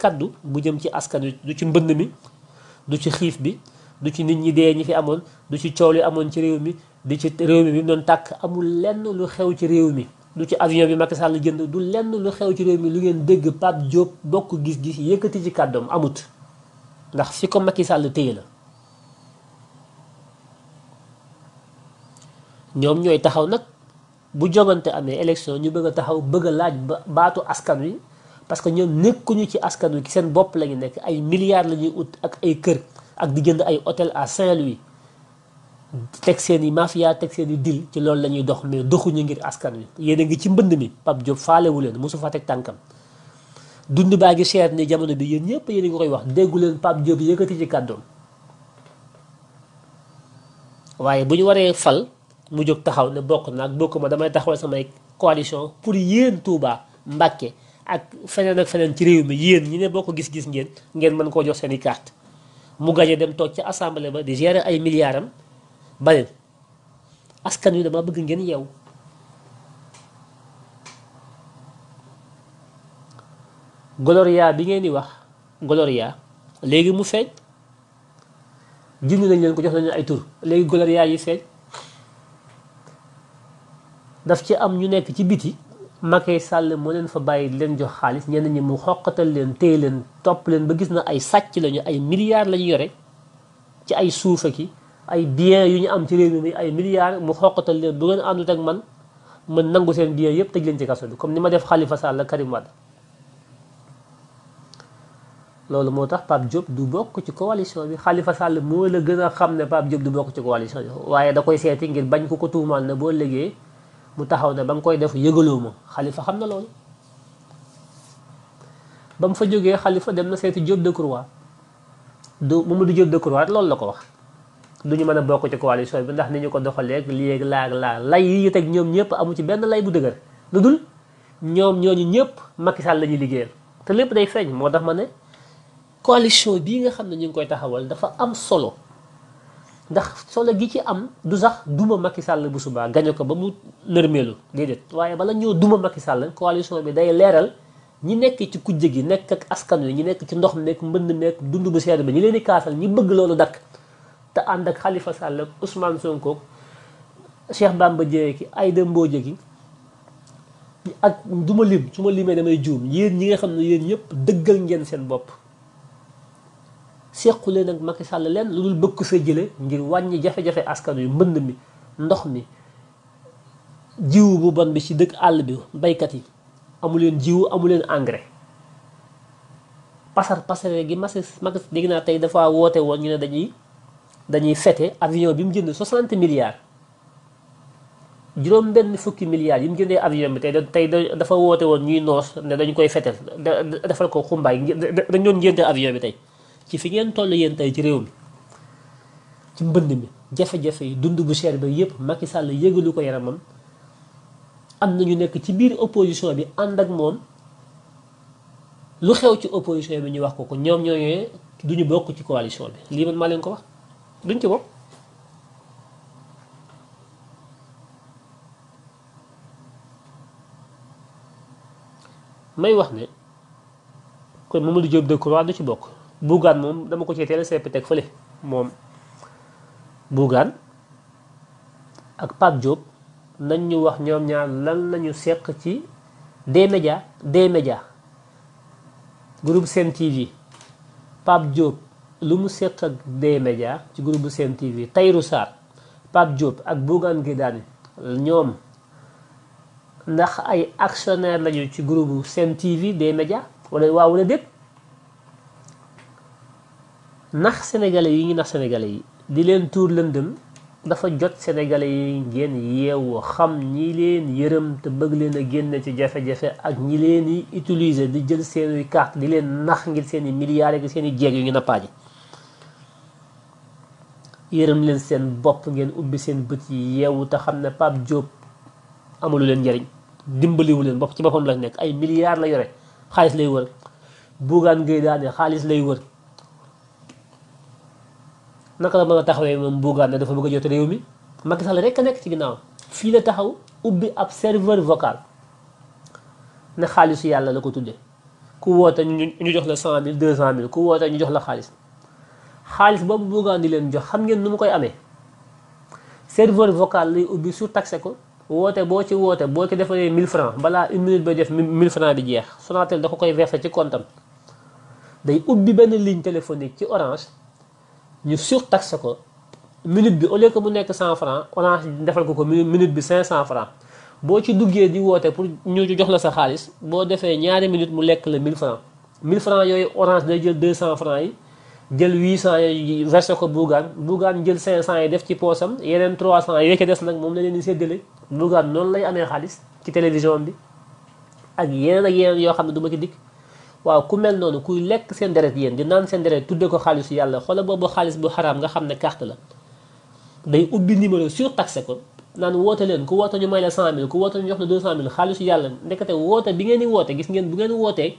kàddu bu jëm ci askan wi du ci mbënn mi du ci xiif bi du ci nit ñi dee ñi fi amoon du ci coow li amoon ci réew mi di ci réew mi bi mu doon tàkk amul lenn lu xew ci réew mi du ci avion bi Macky Sall jënd du lenn lu xew ci réew mi lu ngeen dégg Pape Diop bokk gis-gis yëkkati ci kàddoom amut ndax fi ko Macky Sall la ñoom ñooy taxaw nag bu jogante amee élection ñu bëgg a taxaw bëgg a laaj baatu askan wi parce que ñoom nekkuñu ci askan wi ci seen bopp la ñu nekk ay milliards la ñuy ut ak ay kër ak di jënd ay hôtel à Saint-Louis teg seen i mafia teg seen dil ci loolu la ñuy dox mais doxuñu ngir askan wi yéen a ngi ci mbënd mi Pape Diop faalewu leen mosu fa teg tànkam dund baa ngi cher ni jamono bi yéen ñëpp yéen a ngi koy wax déggu leen Pape Diop yëkkati ci kàddoom waaye bu ñu waree fal mu jóg taxaw ne bokk naag bokk ma damay taxawal samay coalition pour yéen Touba Mbàkke ak feneen ak feneen ci réew mi yéen ñi ne boo ko gis-gis ngéen ngeen mën koo jox seeni i carte mu gañe dem toog ca assemblée ba di gérer ay milliards am baneen askan wi dama bëgg ngeen yeew Gloria bi ngeen di wax Gloria léegi mu feeñ jindi nañ leen ko jox nañu ay tur léegi Gloria yi feeñ daf ci am ñu nekk ci biti Macky sàll moo leen fa bàyyi leen jox xaalis ñenn ñi mu xoqatal leen tey leen topp leen ba gis na ay sàcc lañu ay milliards lañu yore ci ay suuf ak ay biens yu ñu am ci réew mi ay milliards mu xoqatal leen bu ngeen àndut ak man man nangu seen biens yëpp tëj leen ci kaso bi comme ni ma def xalifa Sall Karim Wade loolu moo tax Pape Diop du bokk ci coalition bi Khalifa sàll moo la gën a xam ne Pape Diop du bokk ci coalition bi waaye da koy seeti ngir bañ ko ko tuumaal ne boo liggéey. mu taxaw ne ba nga koy def yëgaloo ma xalifa xam na loolu ba mu fa jógee xalifa dem na seeti Diop Decroix du Mamadou Diop Decroix loolu la ko wax du ñu mën a bokk ci coalition bi ndax ni ñu ko doxaleeg lii ak laa ak laa lay yi ñu teg ñoom ñëpp amu ci benn lay bu dëgër lu dul ñoom ñooñu ñëpp Macky Sall la ñuy liggéeyal te lépp day feeñ moo tax ma ne coalition bii nga xam ne ñu ngi koy taxawal dafa am solo ndax solo gi ci am du sax duma Macky sàll bu subaa gañe ko ba mu nërmeelu déedéet waaye bala ñoo duma Macky Sall coalition bi day leeral ñi nekk ci kujje gi nekk ak askan wi ñi nekk ci ndox mi nekk mbënd meek dund bu seer bi ñi leen di kaasal ñi bëgg loolu dakk te ànd ak xalifa sàll ak Ousmane Sonko Cheikh ba Dièye ki Aïda Mbodj gi ak duma ma lim su ma limee damay juum yéen ñi nga xam ne yéen ñëpp dëggal ngeen seen bopp sequ leen ak Macky Sall leen lu dul bëgg ko fee jële ngir wàññi jafe-jafe askan yu mbënd mi ndox mi jiw bu bon bi ci dëkk àll bi baykat yi amu leen jiwu amu leen engrais pasar pasare gi Macky Macky dégg naa tey dafa woote woon ñu ne dañuy dañuy fete avion bi mu jënd 60 milliards juróom benn fukki milliards yi mu jëndee avion bi tey tey dafa woote woon ñuy noos ne dañu koy da defal ko xumbaay dañ doon jëndee avion bi tey ci fi ngeen toll yéen tey ci réew mi ci mbënd mi jafe-jafe yi dund bu cher ba yëpp Macky Sall yëgalu ko yaramam am na ñu nekk ci biir opposition bi ànd ak moom lu xew ci opposition bi ñu wax ko ko ñoom ñooñee du bokk ci coalition bi lii man maa leen ko wax duñ ci bokk. may wax ne kon Mamadou Diop Decroix du ci bokk. bugan mom dama ko ci teel a sepp teg fële moom ak pak job nañ ñu wax ñom ñaar lan lañu seq ci des media des media groupe Sen TV pap job lu mu seq ak des media ci groupe Sen TV tayru Sarr pap job ak bugan gi Dany ñom ndax ay actionnaire lañu ci groupe Sen TV des media wala waaw wala nax sénégalais yi ñu nax sénégalais yi di leen tuur lëndëm dafa jot sénégalais yi ngeen yeewu xam ñii leen yërëm te bëgg leen a génne ci jafe-jafe ak ñi leen di utiliser di jël seeni carte di leen nax ngir seeni milliards ak seeni jeeg yu ngi nappaaje yërëm leen seen bopp ngeen ubbi seen bët yi yeewu te xam ne Pape Diop amulu leen njariñ dimbaliwu leen bopp ci boppam la nekk ay milliards la yore xaalis lay wër Bougane Gueye Dany xaalis lay wër naka la mëna taxawé mom moom Bougane ne dafa bëgg a jot réew mi Macky Sall rek nek ci ginnaaw fi la taxaw ubbi ab serveur vocal ne xaalisu yàlla la ko tuddee ku wota ñu jox la 100 000 200 000 ku wota ñu jox la xaalis xaalis bobu Bougane di leen jox xam ngeen numu koy amé serveur vocal lay ubbi su taxé ko wote bo ci wote bo ci defale 1000 francs bala 1 minute ba def 1000 francs bi jeex Sonatel da ko koy verser ci comptam day ubbi ben ligne téléphonique ci orange ñu surtaxe ko minute bi au lieu que mu nekk 100 francs orange defal ko ko minute bi cinq 500 francs boo ci duggee di woote pour ñu jox la sa xaalis boo defee ñaari minute mu lekk la 1000 francs 1000 francs yooyu orange day jël 200 francs yi jël 800 yi versé ko buugaan buugaan jël cent yi def ci poosam yeneen trois 300 yooyu ca des nag moom la leen di séddale buugaan noonu lay amee xaalis ci télévision bi ak yeneen ak yeneen yoo xam ne du ma ci waaw ku mel noonu kuy lekk seen deret yéen di naan seen deret tudde ko xaalisu yàlla xoola boobu xaalis bu xaraam nga xam ne carte la day ubbi numéro surtaxé ko naan woote leen ku woote ñu may la 100000 ku woote ñu jox la 200000 xaalisu yàlla ndekete woote bi ngeen di woote gis ngeen bu ngeen wootee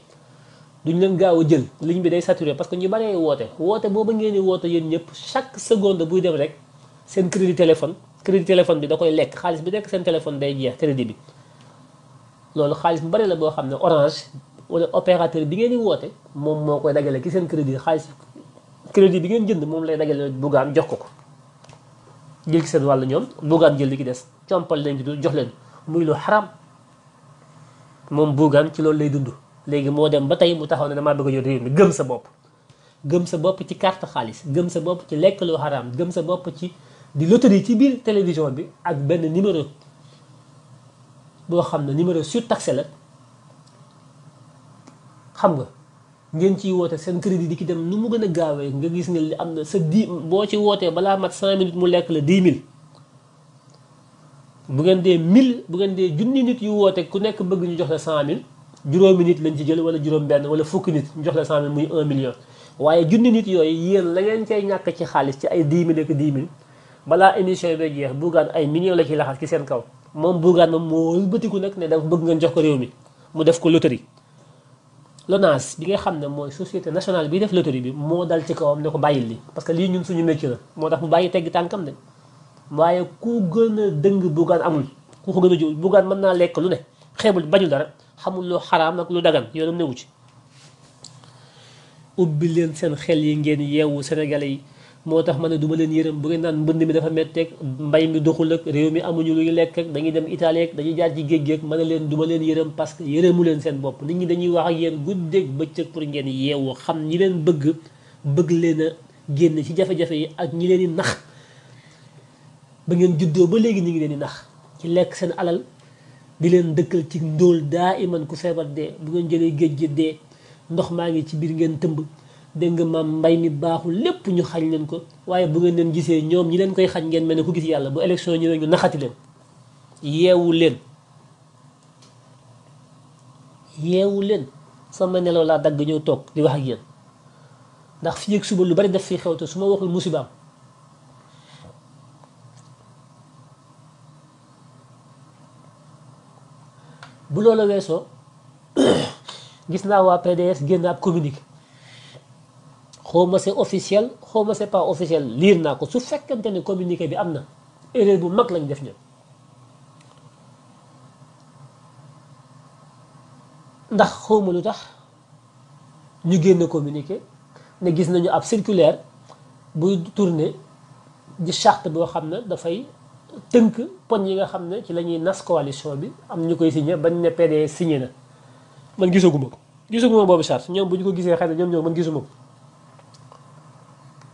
duñ leen gaaw a jël ligne bi day saturé parce que ñu baree woote woote booba ngeen di woote yéen ñëpp chaque seconde buy dem rek seen crédit téléphone crédit téléphone bi da koy lekk xaalis bi nekk seen téléphone day jeex crédit bi loolu xaalis bu bari la boo xam ne orange wala opérateur bi ngeen di woote moom moo koy dagale ki seen crédit xaalis crédit bi ngeen jënd moom lay dagale buggaan jox ko ko jël ki seen wàll ñoom buggaan jël li ki des compal leen ci du jox leen muy lu xaram moom buggaan ci loolu lay dund léegi moo dem ba tey mu taxaw ne damaa bëgg a yor réew mi gëm sa bopp gëm sa bopp ci carte xaalis gëm sa bopp ci lekk lu xaram gëm sa bopp ci di loterie ci biir télévision bi ak benn numéro boo xam ne numéro surtaxé la xam nga ngeen ciy woote seen crédit di ki dem nu mu gën a gaawee nga gis ne li am na sa di boo ci wootee balaa mat cinq minutes mu lekk la dix mille bu ngeen dee mille bu ngeen dee junni nit yu woote ku nekk bëgg ñu jox la cent mille juróomi nit lañ ci jël wala juróom-benn wala fukki nit ñu jox la cent mille muy un million yooyu yéen la ngeen cay ñàkk ci xaalis ci ay dix mille ak dix mille balaa émission bi jeex Bougane ay million la ciy laxas ci seen kaw moom Bougane moom moo wëlbatiku nag ne dafa bëgg ngeen jox ko réew mi mu def ko loterie. LONASE bi nga xam ne mooy société nationale bi def loterie bi moo dal ci kawam ne ko bàyyi li parce que lii ñun suñu métier la moo tax mu bàyyi tegg tànkam de waaye ku gën a dëng buggaan amul ku ko gën a jiw buggaan mën naa lekk lu ne xeebul bañu dara xamul lu xaraam ak lu dagan yoonam newu ci ubbi leen seen xel yi ngeen yeewu Sénégalais yi moo tax ma ne du ma leen yërëm bu ngeen naan mbënd mi dafa métteeg mbay mi doxul ak réew mi amuñu lu ñu lekk ak dañuy dem Italie ak dañuy jaar ci géej géej ma leen du ma leen yërëm parce que yërëmu leen seen bopp nit ñi dañuy wax ak yéen guddeeg bëccëg pour ngeen yeewu xam ñi leen bëgg bëgg leen a génn ci jafe-jafe yi ak ñi leen di nax ba ngeen juddoo ba léegi ñu ngi leen di nax ci lekk seen alal di leen dëkkal ci ndóol daa iman ku feebar dee bu ngeen jëlee géej gi dee ndox maa ngi ci biir ngeen tëmb dégg nga maam mbay mi baaxul lépp ñu xañ leen ko waaye bu ngeen leen gisee ñoom ñi leen koy xañ ngeen mel ne ku gis yàlla bu élection ñëwee ñu naxati leen yeewu leen yeewu leen sama nelaw laa dagg ñëw toog di wax ak yéen ndax fii ak suba lu bari daf fi xew te su ma waxul musibaam bu loolu weesoo gis naa waa PDS génn ab communiqué xawma c'est officiel xawma c'est pas officiel lire naa ko su fekkante ne communiqué bi am na erreur bu mag lañ def ñun ndax xawma lu tax ñu génn communiqué ne gis nañu ab circulaire buy tourner di charte boo xam ne dafay tënk pon yi nga xam ne ci la ñuy nas coalition bi am ñu koy signé bañ ne PD signé na man gisaguma ko gisaguma boobu charte ñoom bu ñu ko gisee xëy na ñoom ñoo man gisuma ko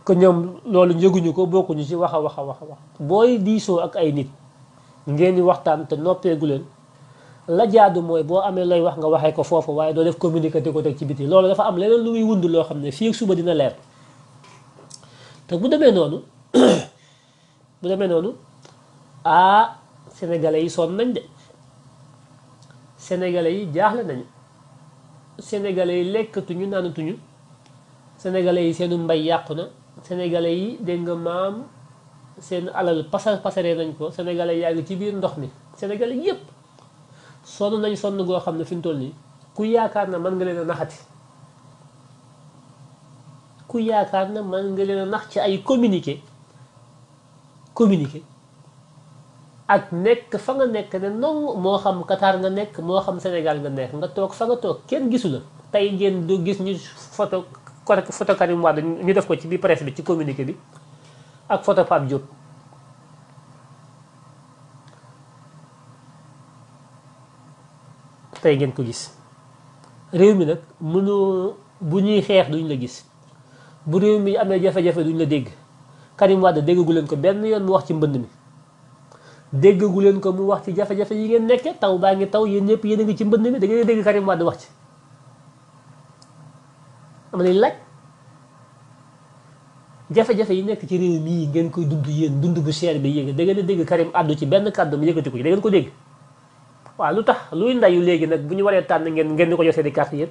que ñoom loolu njëguñu ko bokkuñu ci wax a wax a wax a booy diisoo ak ay nit ngeen di waxtaan te noppeegu leen la jaadu mooy boo amee lay wax nga waxee ko foofu waaye doo def communiqué ko teg ci biti loolu dafa am leneen lu muy wund loo xam ne fii suba dina leer te bu demee noonu bu demee noonu ah sénégalais yi sonn nañ de sénégalais yi jaaxle nañu sénégalais yi lekkatuñu naanatuñu sénégalais yi seenu mbay yàqu na sénégalais yi dégg nga maam seen alal pasar pasaree nañ ko sénégalais yàgg ci biir ndox mi sénégalais yépp sonn nañ sonn goo xam ne fi mu toll nii ku yaakaar na man nga leen a ku yaakaar na mën nga leen a nax ci ay communiqué communiqué ak nekk fa nga nekk ne non moo xam Qatar nga nekk moo xam senegal nga nekk nga toog fa nga toog kenn gisu la tey ngeen du gis ñu photo ko rek photo Karim Wade ñu def ko ci bi presse bi ci communiqué bi ak photo Pape tey ngeen ko gis réew mi nag mënoo bu ñuy xeex duñ la gis bu réew mi amee jafe-jafe duñ la dégg Karim Wade déggagu leen ko benn yoon mu wax ci mbënd mi déggagu leen ko mu wax ci jafe-jafe yi ngeen nekke taw baa ngi taw yéen ñëpp yéen a ngi ci mbënd mi da ngeen dégg Karim wax ci dama lay laaj jafe-jafe yi nekk ci réew mii ngeen koy dund yéen dund bu seer bi yéen da ngeen a dégg Karim àddu ci benn kàddu mu yëkkati ko ci da ngeen ko dégg waaw lu tax luy ndayu léegi nag bu ñu waree tànn ngeen ngeen di ko jox seen i carte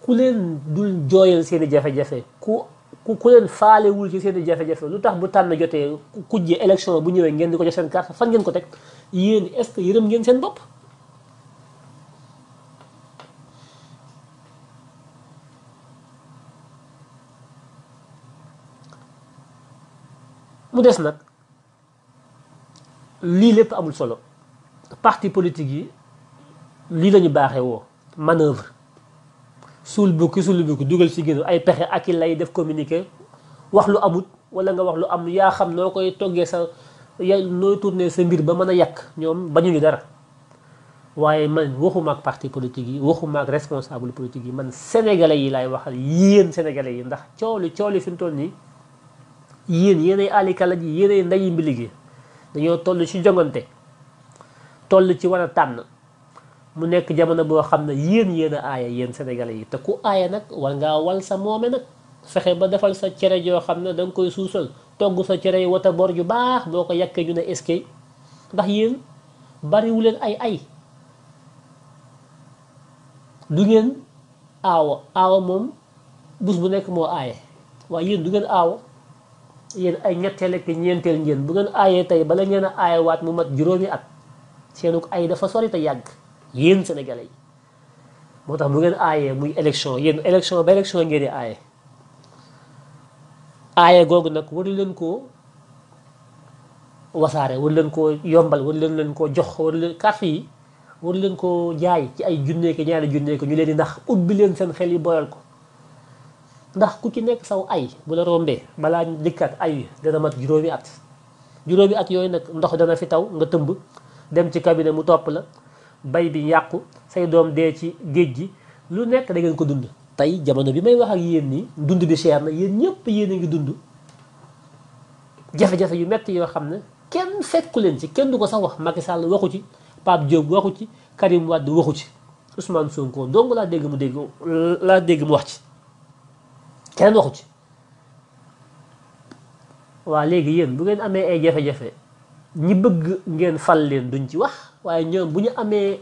ku leen dul jooyal seen i ku ku ku leen faalewul ci seeni i jafe-jafe lu tax bu tànn jotee ku kujje élection bu ñëwee ngeen di ko jox seen carte fa ngeen ko teg yéen est-ce que yërëm ngeen seen bopp mu dess nak li lépp amul solo parti politique yi li lañu baxé wo manœuvre sul bu ki sul bu ko duggal ci génn ay pexe ak lay def communiquer wax lu amut wala nga wax lu am ya xam no koy toggé sa ya no tourner sa mbir ba mëna yak ñom bañu ñu dara waye man waxuma ak parti politique yi waxuma ak responsable politique yi man sénégalais yi lay waxal yéen sénégalais yi ndax coolu coolu fi mu toll nii yéen yéenay alikala ji yéenay ndayi mbili gi dañoo toll ci jongante toll ci war a tànn mu nekk jamono boo xam ne yéen yéen a aaya yéen senegal yi te ku aaya nag war ngaa wal sa moome nag fexe ba defal sa cere joo xam ne danga koy suusal togg sa cere yi wata bor ju baax boo ko yàkkee ñu ne eskay ndax yéen bariwuleen ay ay du ngeen aawa aawa moom bus bu nekk moo aaye waaye yéen du ngeen aawa yéen ay ñetteel ak ñeenteel ngeen bu ngeen aayee tey bala ngeen a aayewaat mu mat juróomi at seenu ko ay dafa sori te yàgg yéen sénégalais yi moo tax bu ngeen aayee muy élection yéen élection ba élection ngeen di aaye aaye googu nag waru leen koo wasaare waru leen koo yombal waru leen leen koo jox waru leen carte yi waru leen koo jaay ci ay junneeke ñaari junneeke ñu leen di nax ubbi leen seen xel yi boyal ko ndax ku ci nekk saw ay bu la rombé bala dikkat ay dana mat juroomi at juroomi at yooyu nag ndox dana fi taw nga tëmb dem ci cabinet mu topp la bay bi yàqu say doom dee ci géej gi lu nekk da ngeen ko dund tey jamono bi may wax ak yéen ni dund bi cher na yéen ñëpp yéen a ngi dund jafe-jafe yu metti yoo ya, xam ne kenn fekku leen ci kenn du ko sax wax Macky Sall waxu ci Pape Diop waxu ci Karim Wade waxu ci Ousmane Sonko dong la dégg mu dégg la dégg mu wax ci kenn waxu ci waa léegi yéen bu ngeen amee ay jafe-jafe ñi bëgg ngeen fal leen duñ ci wax waaye ñoom bu ñu amee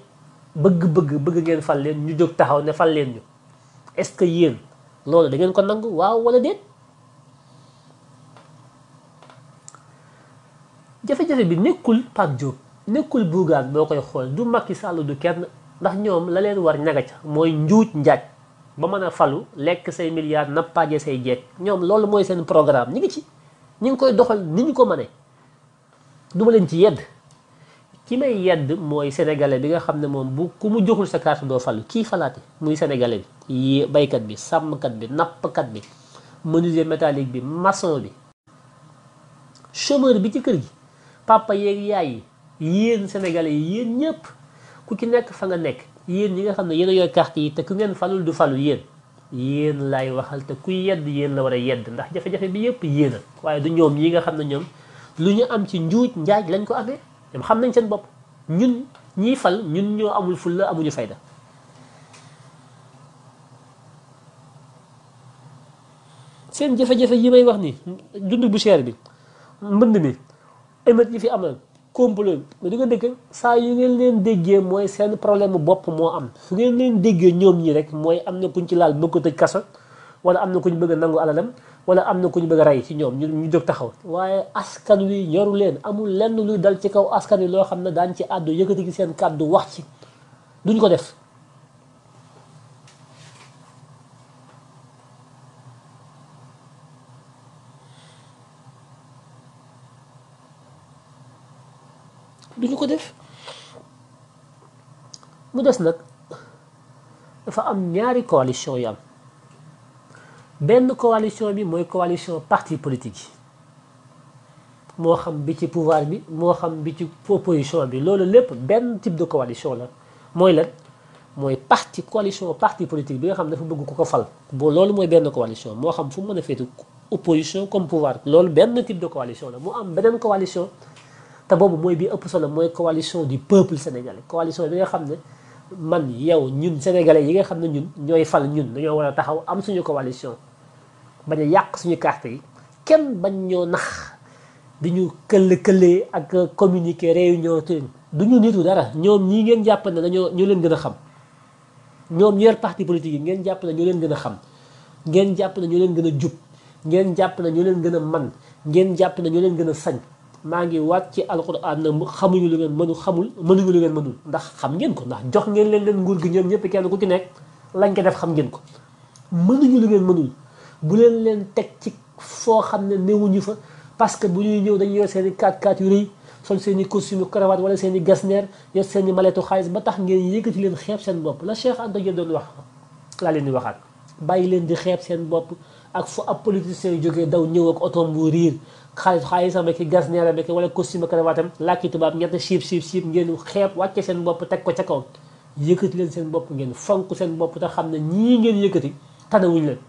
bëgg-bëgg bëgg ngeen fal leen ñu jóg taxaw ne fal leen ñu est-ce que yéen loolu dangeen ko nangu waaw walla déet jafe-jafe bi nekkul Pape Diop nekkul Bougane boo koy xool du Macky Sall du kenn ndax ñoom la leen war ñaga ca mooy njuuj njaaj ba mën a falu lekk say milliards nappaaje say jeeg ñoom loolu mooy seen programme ñi ngi ci ñi ngi koy doxal ni ñu ko mënee duma leen ci yedd ki may yedd mooy sénégalais bi nga xam ne moom bu ku mu joxul sa carte doo falu kii falaate muy sénégalais bi yi baykat bi sàmmkat bi nappkat bi menuisier métallique bi maçon bi chômeur bi ci kër gi papa yeeg yaay yi yéen sénégalais yi yéen ñëpp ku ci nekk fa nga nekk yéen ñi nga xam ne yéen a yor carte yi te ku ngeen falul du falu yéen yéen laay waxal te ku yedd yéen la war a yedd ndax jafe-jafe bi yëpp yéen a waaye du ñoom yi nga xam ne ñoom lu ñu am ci njuuj njaaj lañ ko amee ñoom xam nañ seen bopp ñun ñiy fal ñun ñoo amul fulla amuñu fayda seen jafe-jafe yi may wax ni dund bu cher bi mbënd mi émeute yi fi amoon complot mais di ko dëkk saa yu ngeen leen déggee mooy seen problème bopp moo am su ngeen leen déggee ñoom ñi rek mooy am na ñu ci laal bëgg ko tëj kaso wala am na ku kuñ bëgg a nangu alalam wala am na ku kuñ bëgg rey ci ñoom ñu ñu jóg taxaw waaye askan wi ñoru leen amul lenn luy dal ci kaw askan wi loo xam ne daañ ci àddu yëkkati ci seen kàddu wax ci duñ ko def duñu ko def mu des nag dafa am ñaari coalition yu am benn coalition bi mooy coalition parti politique yi moo xam bi ci pouvoir bi moo xam bi ci opposition bi loolu lépp benn type de coalition la mooy lan mooy parti coalition parti politique bi nga xam dafa bëgg ko ko fal boo loolu mooy benn coalition moo xam fu mu mën a opposition comme pouvoir loolu benn type de coalition la mu am beneen coalition te bobu moy bi ëpp solo moy coalition du peuple sénégalais coalition bi nga xamné man yow ñun sénégalais yi nga xamné ñun ñoy fal ñun dañoo wara taxaw am suñu coalition baña yaq suñu carte yi kenn bañ ñoo nax di ñu këll këllee ak communiquer réunion tuñ du ñu nitu dara ñom ñi ngeen japp na dañoo ñu leen gëna xam ñom ñu parti politique yi ngeen japp na ñu leen gëna xam ngeen japp na ñu leen gëna jup ngeen japp na ñu leen gëna man ngeen japp na ñu leen gëna sañ maa ngi waat ci alquran na xamuñu lu ngeen mënu xamul mënuñu lu ngeen mënul ndax xam ngeen ko ndax jox ngeen leen leen nguur gi ñoom ñëpp kenn ku ci nekk lañ ko def xam ngeen ko mënuñu lu ngeen mënul bu leen leen teg ci foo xam ne néewuñu fa parce que bu ñuy ñëw dañuy yor seeni i 4x4 yu rëy sol seen i costume cravate wala seen i gasneer yor seen xaalis ba tax ngeen yëkkati leen xeeb seen bopp la Cheikh Anta Diop doon wax laa leen di waxaat bàyyi leen di xeeb seen bopp ak fu ab politicien jógee daw ñëw ak otom bu riir xaalis xaalisam ak gas neeram ak wala costume karawatam làkki tubaab ñett siib siib siib ngeen xeeb wàcce seen bopp teg ko ca kaw yëkkati leen seen bopp ngeen fonk seen bopp te xam ne ñii ngeen yëkkati tanawuñ leen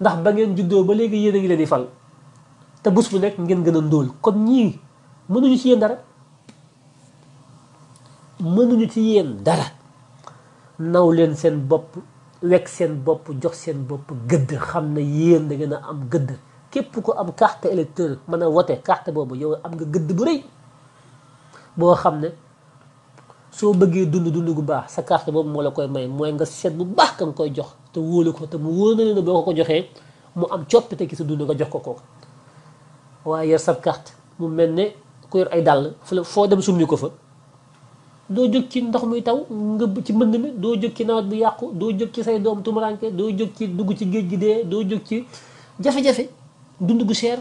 ndax ba ngeen juddoo ba léegi yéen a ngi leen di fal te bus bu nekk ngeen gën a ndóol kon ñii mënuñu ci yéen dara mënuñu ci yéen dara naw leen seen bopp wekk seen bopp jox seen bopp gëdd xam ne yéen da ngeen a am gëdd képp ku am carte électeur man a wote carte boobu yow am nga gëdd bu rëy boo xam ne soo bëggee dund dund gu baax sa carte boobu moo la koy may mooy nga seet bu baax ka nga koy jox te wóolu ko te mu wóor na ne boo ko ko joxee mu am coppite ki sa dund nga jox ko kooku waaye yor sa carte mu mel ne ku yor ay dàll fu la foo dem summi ko fa doo jóg ci ndox muy taw nga ci mbënd mi doo jóg ci nawet bu yàqu doo jóg ci say doom tumuranke doo jóg ci dugg ci géej gi dee doo jóg ci jafe dund gu cher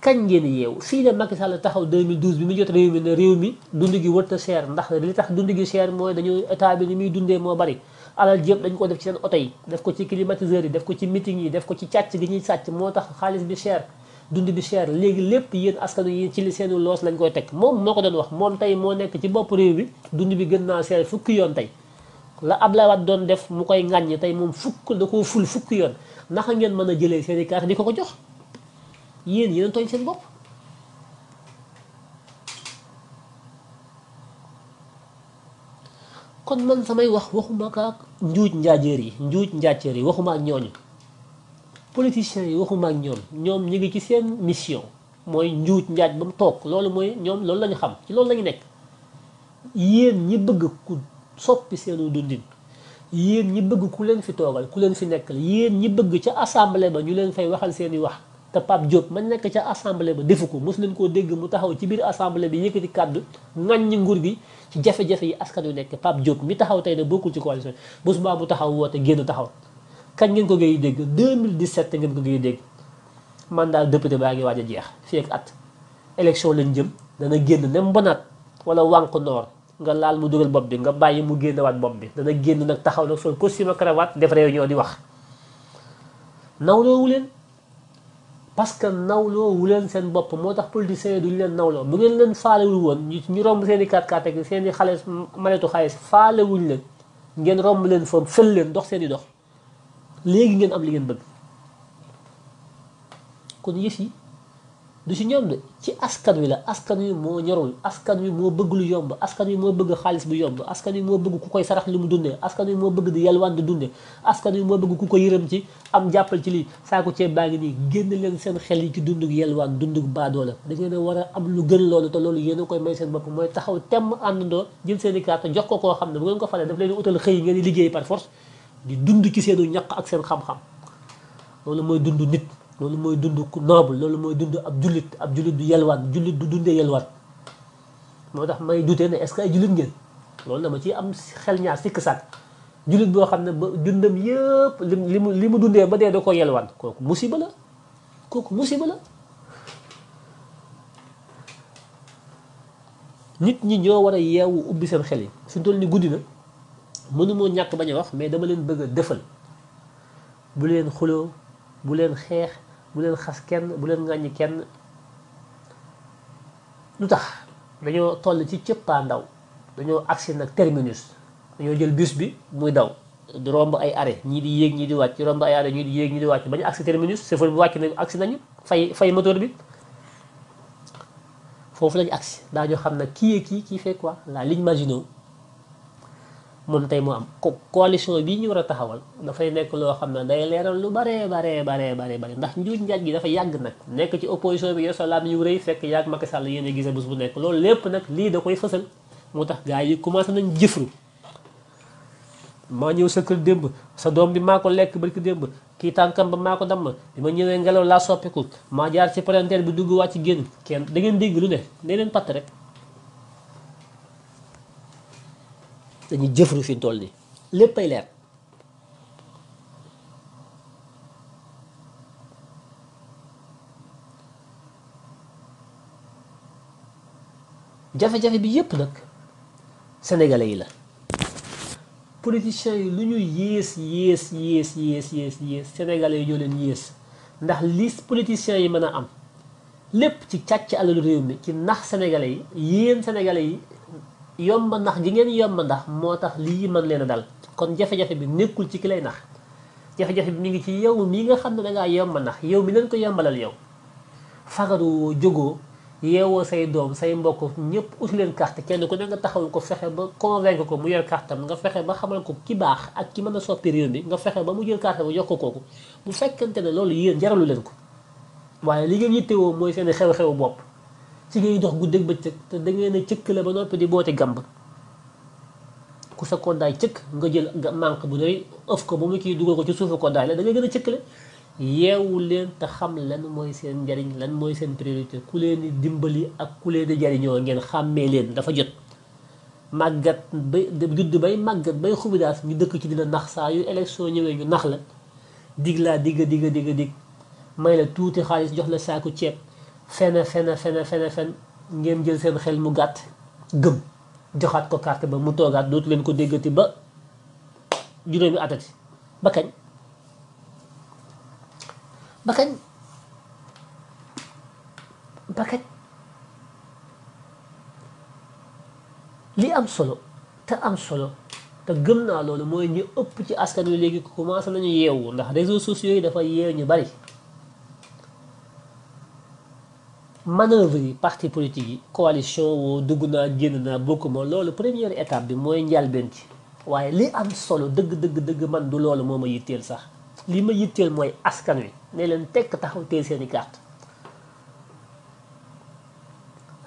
kañ ngeen yeewu fii de Macky Sall taxaw 2012 bi mu jot réew mi ne réew mi dund gi wërta cher ndax li tax dund gi cher mooy dañu état bi ni muy dundee moo bari alal jëpp dañ ko def ci seen oto yi def ko ci climatiseurs yi def ko ci meeting yi def ko ci càcc gi ñuy sàcc moo tax xaalis bi cher dund bi cher léegi lépp yéen askanu yi ci li seenu loos lañ koy teg moom moo ko doon wax moom tey moo nekk ci bopp réew bi dund bi gën naa cher fukki yoon tey la Ablaye Wade doon def mu koy ŋàññ tey moom fukk da koo ful fukk yoon naka ngeen mën a jëlee seen i carte di ko ko jox yéen yéen tooñ seen bopp. kon man samay wax waxuma ko ak njuuj njaajeer yi njuuj njaajeer yi waxumaak ak ñooñu politiciens yi waxumaak ak ñoom ñoom ñu ngi ci seen mission mooy njuuj njaaj ba mu toog loolu mooy ñoom loolu lañu xam ci loolu lañu nekk yéen ñi bëgg ku. soppi seenu dundin yeen ñi bëgg ku leen fi togal ku leen fi nekkal yeen ñi bëgg ca assemblée ba ñu leen fay waxal seeni wax te pap job ma nekk ca assemblée ba defuko ko leen ko dégg mu taxaw ci biir assemblée bi kaddu ngañ ñi nguur gi ci jafe jafé yi askan yu nekk pap job mi taxaw tay na bokul ci coalition bus ba bu taxaw wote génn taxaw kañ ngeen ko gëy dégg 2017 ngeen ko gëy dégg mandat député ba ngi waja jeex fi ak at élection lañ jëm dana génn nem bonat wala wank nord nga laal mu dugal bopp bi nga bàyyi mu génnewaat bopp bi dana génn nag taxaw nag sol costume ak cravate def réunion di wax nawloowu leen parce que nawloowu leen seen bopp moo tax politiciens yi duñ leen nawloo bu ngeen leen faalewul woon ñu romb seen i kàtkat ak seen i xale maletu xaalis faalewuñ leen ngeen romb leen foom fël leen dox seeni dox léegi ngeen am li ngeen bëgg du ci ñoom de ci askan wi la askan wi moo ñorul askan wi moo bëgg lu yomb askan wi moo bëgg xaalis bu yomb askan wi moo bëgg ku koy sarax li mu dundee askan wi moo bëgg di yalwaan di dundee askan wi moo bëgg ku ko yërëm ci am jàppal ci lii saako ceeb baa ngi nii génn leen seen xel yi ci dundug yalwaan dundug baadoo la da ngeen a war am lu gën loolu te loolu yéen koy may seen bopp mooy taxaw temm àndandoo jël seen i carte jox ko koo xam ne bu ngeen ko falee daf leen utal xëy ngeen liggéey par force di dund ci seenu ñaq ak seen xam-xam loolu mooy dund nit loolu mooy dund ku noble loolu mooy dund ab jullit ab jullit du yelwaan jullit du dundee yelwaan moo tax may dutee ne est-ce que ay jullit ngeen loolu dama ci am xel ñaar sikk sàkk jullit boo xam ne ba dundam yëpp lim li mu li mu dundee ba dee da ko yelwaan kooku musiba la kooku musiba la nit ñi ñoo war a yeewu ubbi seen xel yi fi mu toll ni guddi na mënumoo ñàkk bañ a wax mais dama leen bëgg a defal bu leen xuloo bu leen xeex bu leen xas kenn bu leen ŋàññi kenn lu tax dañoo toll ci cëppaa ndaw dañoo agsi nag terminus dañoo jël bus bi muy daw di romb ay arrêt ñii di yéeg ñii di wàcc di romb ay arrêt ñii di yéeg ñii di wàcc bañu agsi terminus chauffeur bi wàcc nañu agsi nañu fay fay moteur bi foofu lañu agsi ñoo xam nag kii est qui qui fait quoi la ligne Maginot mun tay mu am coalition bi ñu wara taxawal da fay nek lo xamne day leral lu bare bare bare bare bare ndax njuuj njaaj gi dafa yag nak nek ci opposition bi yo laam ñu reuy fekk yag makka Sall yene a bus bu nek lool lepp nak li da koy fessel motax gaay yi commencé nañ jëfru ma ñew sa kër demb sa doom bi mako lek barki demb ki tankam ba mako dam bima ñewé ma ngelaw la soppiku ma jaar ci parentère bi dugg wacc génn kenn da ngeen dégg lu ne ne leen rek dañuy jëfru fi ñu toll nii léppay leer jafe-jafe bi yépp nag senegale yi la politiciens yi lu ñu yées yées yées yées yées yées sénégalais yi ñoo leen yées ndax li politiciens yi mën a am lépp ci càcc alalu réew mi ci nax sénégalais yi yéen sénégalais yi yomba ndax ji ngeen yomba ndax moo tax lii mën leen a dal kon jafe-jafe bi nekkul ci ki lay nax jafe-jafe bi mi ngi ci yow mi nga xam ne dangaa yomba ndax yow mi leen ko yombalal yow fagaru jógoo yeewoo say doom say mbokk ñëpp uti leen kart kenn ku ne nga taxawul ko fexe ba convaincre ko mu yor cartam nga fexe ba xamal ko ki baax ak ki mën a soppi réew mi nga fexe ba mu jël carte ba jox ko kooku bu fekkante ne loolu yéen jaralu leen ko waaye li ngeen yittewoo mooy seen xew-xewu bopp ci ngay dox guddeeg bëccëg te dangeen a cëkk la ba noppi di boote gàmb ku sa koddaay cëkk nga jël manque bu doy ëf ko ba mu kii dugal ko ci suufu koddaay la da gën a cëkk la yeewu leen te xam lan mooy seen njariñ lan mooy seen priorité ku leen di dimbali ak ku leen di jariñoo ngeen xàmmee leen dafa jot màggat bay judd bay màggat bay xubidaas ñu dëkk ci dina nax saa yu élection ñëwee ñu nax la digg laa digg digga digga dig may la tuuti xaalis jox la saaku ceeb fena fena fena fena fen ngeen jël seen xel mu gàtt gëm joxaat ko carte ba mu toogaat dootu leen ko déggati ba juróomi atati bakkañ kañ ba kañ li am solo te am solo te gëm naa loolu mooy ñu ëpp ci askan wi léegi commencé nañu yeewu ndax réseaux sociaux yi dafa yeew ñu bari manœuvre yi parti politique coalition woo dugg naa génn naa bokkuma première étape bi moy njalbeen ci waaye li am solo deug deug deug man du loolu moma ma sax li ma yitteel moy askan wi ne len tek taxaw teel seeni carte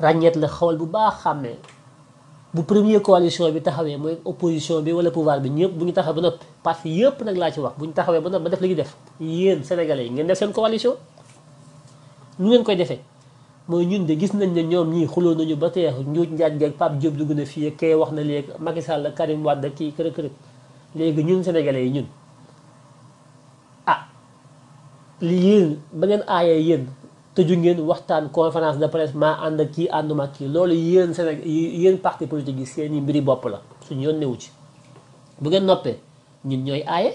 ràññeet la xol bu baax xamé bu premier coalition bi taxawé moy opposition bi wala pouvoir bi ñepp buñu ñu taxawee ba noppi parti yépp nak la ci wax buñu taxawé taxawee ba noppi ba def li ñu def yeen sénégalais yi ngeen def sen coalition nu ngeen koy defee mooy ñun de gis nañ ne ñoom ñii xuloo nañu ba teex njuuj njaaj geeg Pape Diop dugg na fii kay wax na léegi Macky Sall Karim Wade kii kërë kërë léegi ñun sénégalais yi ñun ah li yéen ba ngeen aaye yéen tëju ngeen waxtaan conférence de presse maa ànd ak kii ànduma ak kii loolu yéen Sénégal yéen parti politique yi seen i mbiri bopp la suñu yoon newu ci bu ngeen noppee ñun ñooy aaye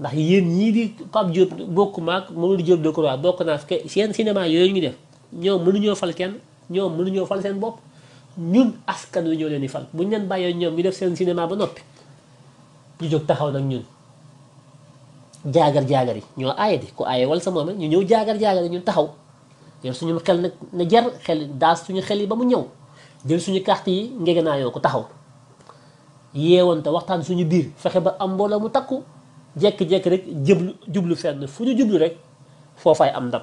ndax yéen ñii di Pape Diop bokk maag Mamadou Diop Decroix bokk naa seen cinéma yooyu ñu def ñoom ñoo fal kenn ñoom ñoo fal seen bopp ñun askan wi ñoo leen di fal buñ leen bàyyee ñoom ñu def seen cinéma ba noppi ñu jóg taxaw nag ñun jaagar jaagar yi ñoo aaye di ku aaye wal sa moom ñu ñëw jaagar jaagar yi ñun taxaw yor suñu xel nag na jar xel daas suñu xel yi ba mu ñëw jël suñu carte yi ngegenaayoo ko taxaw yeewante waxtaan suñu biir fexe ba am mbooloo mu takku jekk-jekk rek jëblu jublu fenn fu ñu jublu rek foofay am ndam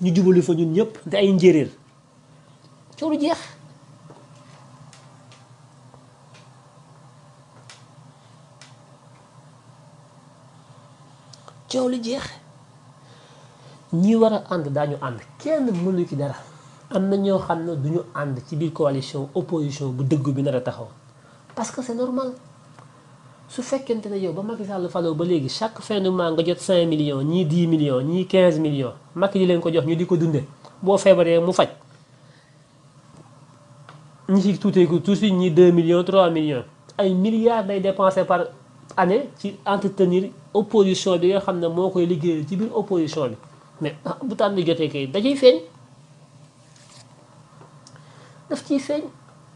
ñu jubali fa ñun ñëpp di ay njéeréer coow lu jeex coow lu jeex ñi war a ànd daañu ànd kenn mënu ci dara am na ñoo xam ne duñu ànd ci biir coalition opposition bu dëgg bi nar a taxaw parce c'est normal su fekkente ne yow ba Macky Sall ba chaque fin de mois nga jot 5 millions 10 millions 15 millions Macky di dis ko jox ñu di ko dunde boo feebaree mu faj ñi ci Tout tuuti ñii 2 millions 3 millions ay milliards day dépensé par année ci entretenir opposition bi nga xam ne moo koy liggéey ci biir opposition bi mais ah bu tànn bi jotee kay da ciy feeñ daf ciy feeñ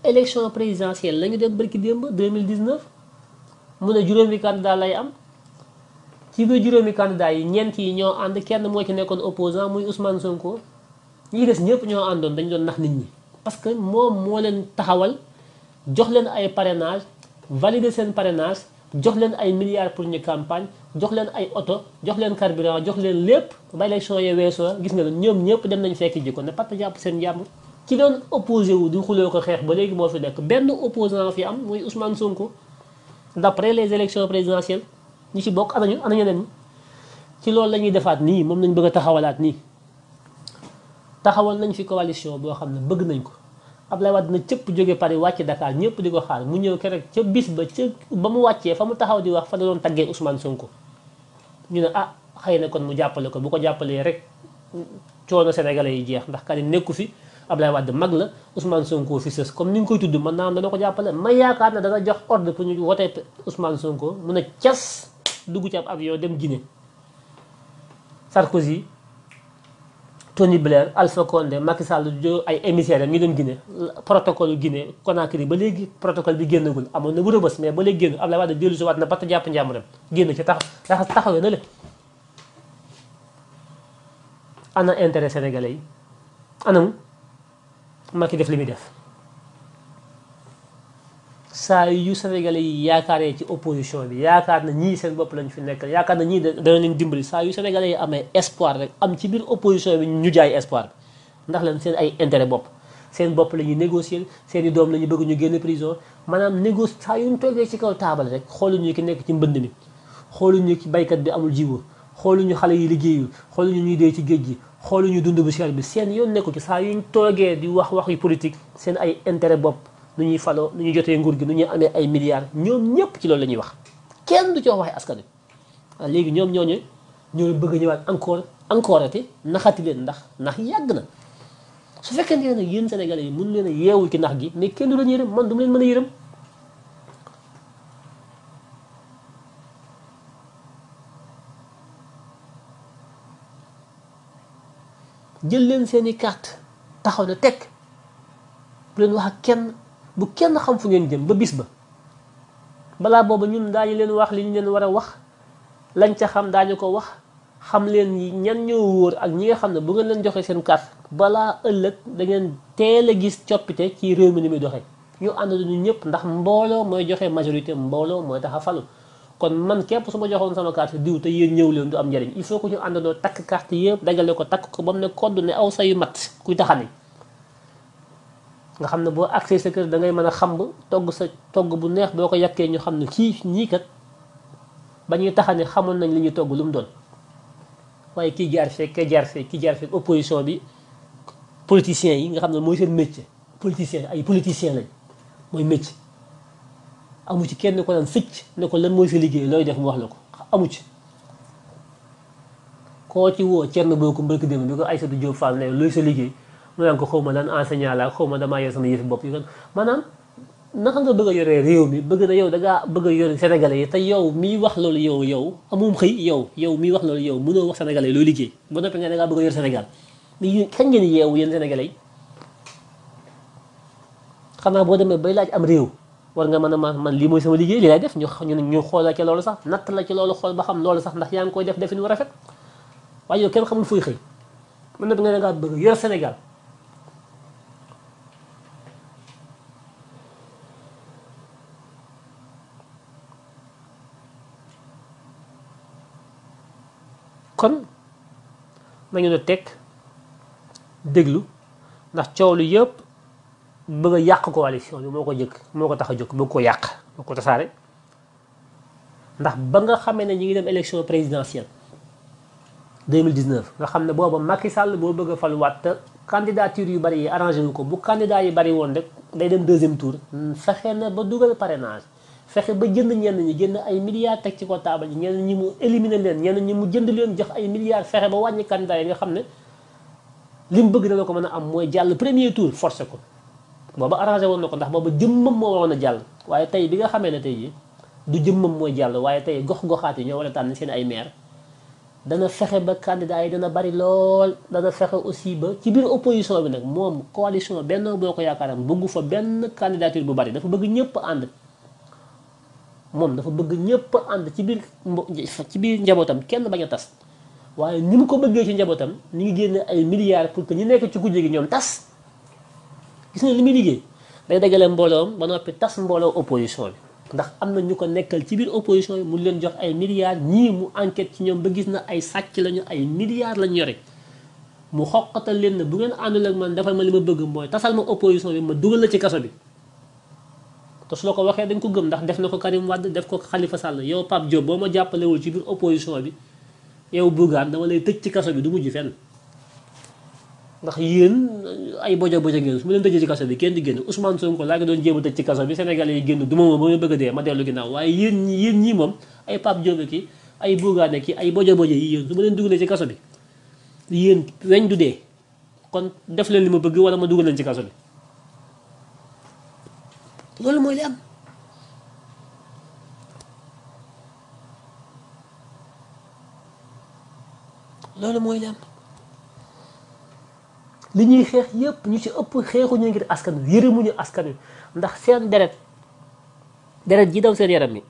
élection présidentielle la ñu dem barki démb 2019 mu ne juróomi candidat lay am ci biir juróomi candidat yi ñeent yi ñoo ànd kenn moo ci nekkoon opposant muy Ousmane Sonko ñi des ñëpp ñoo àndoon dañ doon nax nit ñi parce que moom moo leen taxawal jox leen ay parrainage valider seen parrainage jox leen ay milliards pour ñu campagne jox leen ay oto jox leen carburant jox leen lépp ba élection yi weesoo gis nga leen ñoom ñëpp dem nañ fekk jikko ne patta jàpp seen jàmm ci doon opposé wu di xuloo ko xeex ba léegi moo fi nekk benn opposant fi am muy Ousmane Sonko d'après les élections présidentielles ñi ci bokk am am anañu anañu leen ci loolu la ñuy defaat nii moom lañ bëgg a taxawalaat nii taxawal nañ fi coalition boo xam ne bëgg nañ ko Ablaye Wade na cëpp jóge Paris wàcc Dakar ñëpp di ko xaal mu ñëw keroog ca bis ba ca ba mu wàccee fa mu taxaw di wax fa la doon taggee Ousmane ko ñu ne ah xëy na kon mu jàppale ko bu ko jàppalee rek coono Sénégalais yi jeex ndax kani nekku fi Ablaye wad mag la Ousmane Sonko fi sës comme ni ngui koy tudd mën naa dana ko jàppale ma yaakaar ne dana jox ordre pour ñu wotee Ousmane Sonko mu a ties duggu ci ab avion dem guiné Sarkozy Tony Blair Alpha Condé Macky Sall jo ay émissaire ñu dem guiné protocole guiné Conakry ba légui protocole bi gennagul amone bu rebeus mais ba légui genn Ablaye wad delu ci wat na japp ndiam dem génn ci tax tax na le ana intérêt sénégalais anam Macky def li muy def saa yu Sénégalais yi yaakaaree ci opposition bi yaakaar na ñii seen bopp lañu fi nekk yaakaar na ñii dana leen dimbali saa yu Sénégalais yi amee espoir rek am ci biir opposition bi ñu jaay espoir bi ndax lan seen ay intere bopp seen bopp la ñuy négocier seen i doom la ñu bëgg ñu génn prison maanaam négocie saa yu ñu toogee ci kaw taabal rek ñu ki nekk ci mbënd mi xooluñu ki baykat bi amul jiwu xooluñu xale yi liggéeyu xooluñu ñuy dee ci géej gi xoolu ñu dund bu cher bi seen yoon nekku ci saa yuñ toogee di wax wax yu politique seen ay intérêt bopp nu ñuy faloo nu ñuy jotee nguur gi nu ñuy amee ay milliards ñoom ñëpp ci loolu la ñuy wax kenn du ci waxee askan wi waaye ah, léegi ñoom ñoo ñooñu ñoo bëgg ñëwaat encore encore ati naxati leen ndax ndax yàgg na su fekkee ne yéen Sénégalais yi mën leen a yeewu ci nax gi mais kenn du leen yërëm man du mu leen mën a yërëm jël leen seeni carte taxaw na teg bu leen wax ak kenn bu kenn xam fu ngeen jëm ba bis ba balaa boobu ñun daañu leen wax li ñu leen war a wax lañ ca xam daañu ko wax xam leen ñan ñoo wóor ak ñi nga xam ne bu ngeen leen joxee seen carte balaa ëllëg da ngeen teel a gis coppite ci réew mi ni muy doxe ñu ànd ñu ñëpp ndax mbooloo mooy joxe majorité mbooloo mooy tax a falu kon man képp su ma joxoon sama carte diw te yéen ñëw leen du am njariñ il faut que ñu àndandoo takk carte yëpp dagale ko takk ko ba mu ne kodd ne aw sayu mat kuy taxani nga xam ne boo agsee sa kër da ngay mën a xamb togg sa togg bu neex boo ko yàkkee ñu xam ne kii ñii kat ba ñuy taxani xamoon nañ li ñuy togg lu mu doon waaye kii jaar fee kii jaar fee kii opposition bi politiciens yi nga xam ne mooy seen métier politiciens ay politiciens lañ mooy métier. amu ci kenn ko naan fëcc ne ko lan mooy sa liggéey looy def mu wax la ko amu ci koo ci woo Thierno Bocoum barki démb bi ko Aïssatou Diop Fall ne looy sa liggéey mu naan ko xaw ma lan enseignant laa xaw ma damaa yor bopp yi kon maanaam naka nga bëgg a yoree réew mi bëgg na yow da bëgg a yore sénégalais yi te yow miy wax loolu yow yow amum xëy yow yow miy wax loolu yow mënoo wax sénégalais yi looy liggéey ba noppi nga da ngaa bëgg a yor Sénégal mais kañ ngeen yeewu yéen sénégalais yi xanaa boo demee bay laaj am réew war nga mën a ma man lii mooy sama liggéey lii lay def ñu ñu xool la ci loolu sax natt la ci loolu xool ba xam loolu sax ndax yaa ngi koy def defin wu rafet waaye yow kenn xamul fooy xëy mën na nga dangaa bëgg yor Sénégal kon nañu ne teg déglu ndax coow lu yëpp bëgg a yàq coalition bi moo ko jëkk moo ko tax a jóg bëgg ko yàq bëgg ko tasaare ndax ba nga xamee ne ñu ngi dem élection présidentielle 2019 nga xam ne booba Macky sàll boo bëgg a faluwaat te yu bari yi arrangé wu ko bu candidat yi bari woon rek day dem deuxième tour fexe na ba dugal parrainage fexe ba jënd ñenn ñi jënd ay milliards teg ci ko taabal yi ñenn ñi mu éliminer leen ñenn ñi mu jënd leen jox ay milliards fexe ba wàññi candidat yi nga xam ne li mu bëgg dana ko mën a am mooy jàll premier tour forcé boba arrangé won nako ndax boba jëmmam mo wona jall waye tay bi nga xamé ne tay ji du jëmmam mooy jall waye tay gox goxati ñoo wala tan seen ay maire dana fexé ba candidat yi dana bari lool dana fexé aussi ba ci bir opposition bi nak mom coalition benn boko ko bëggu fa benn candidature bu bari dafa bëgg ñëpp and mom dafa bëgg ñëpp and ci bir ci bir njabotam kenn baña tass waye waaye ko bëggé ci njabotam ni ngi génne ay milliards pour que ñi nekk ci kujje gi ñom tass gis na li muy liggéey day dajale mbooloom ba noppi tas mbooloo opposition bi ndax am na ñu ko nekkal ci biir opposition bi mu leen jox ay milliards ñii mu enquête ci ñoom ba gis na ay sàcc lañu ay milliards lañu yore mu xoqatal leen ne bu ngeen àndul ak man dafa ma li ma bëgg mooy tasal ma opposition bi ma dugal la ci kaso bi te su la ko waxee dañ ko gëm ndax def na ko Karim Wade def ko Khalifa Sall yow Pape Diop boo ma jàppalewul ci biir opposition bi yow Bougane dama lay tëj ci kaso bi du mujj fenn ndax yéen euh, ay boja boja ngeen su ma leen tëjee ci kaso bi kenn di génn Ousmane Sonko laa ko doon jéem a tëj ci kaso bi Sénégalais yi génn du ma moom ba ma bëgg a dee ma dellu ginnaaw waaye yéen ñi yéen moom ay Pape Diop ki ay Bougane ki ay boja boja yi yéen su ma leen dugalee ci kaso bi yéen weñ du dee kon def leen li ma bëgg wala ma dugal leen ci kaso bi loolu mooy loolu mooy li am li ñuy xeex yépp ñu ci ëpp ñu ngir askan wi ñu askan wi ndax seen deret deret ji daw seen yaram mi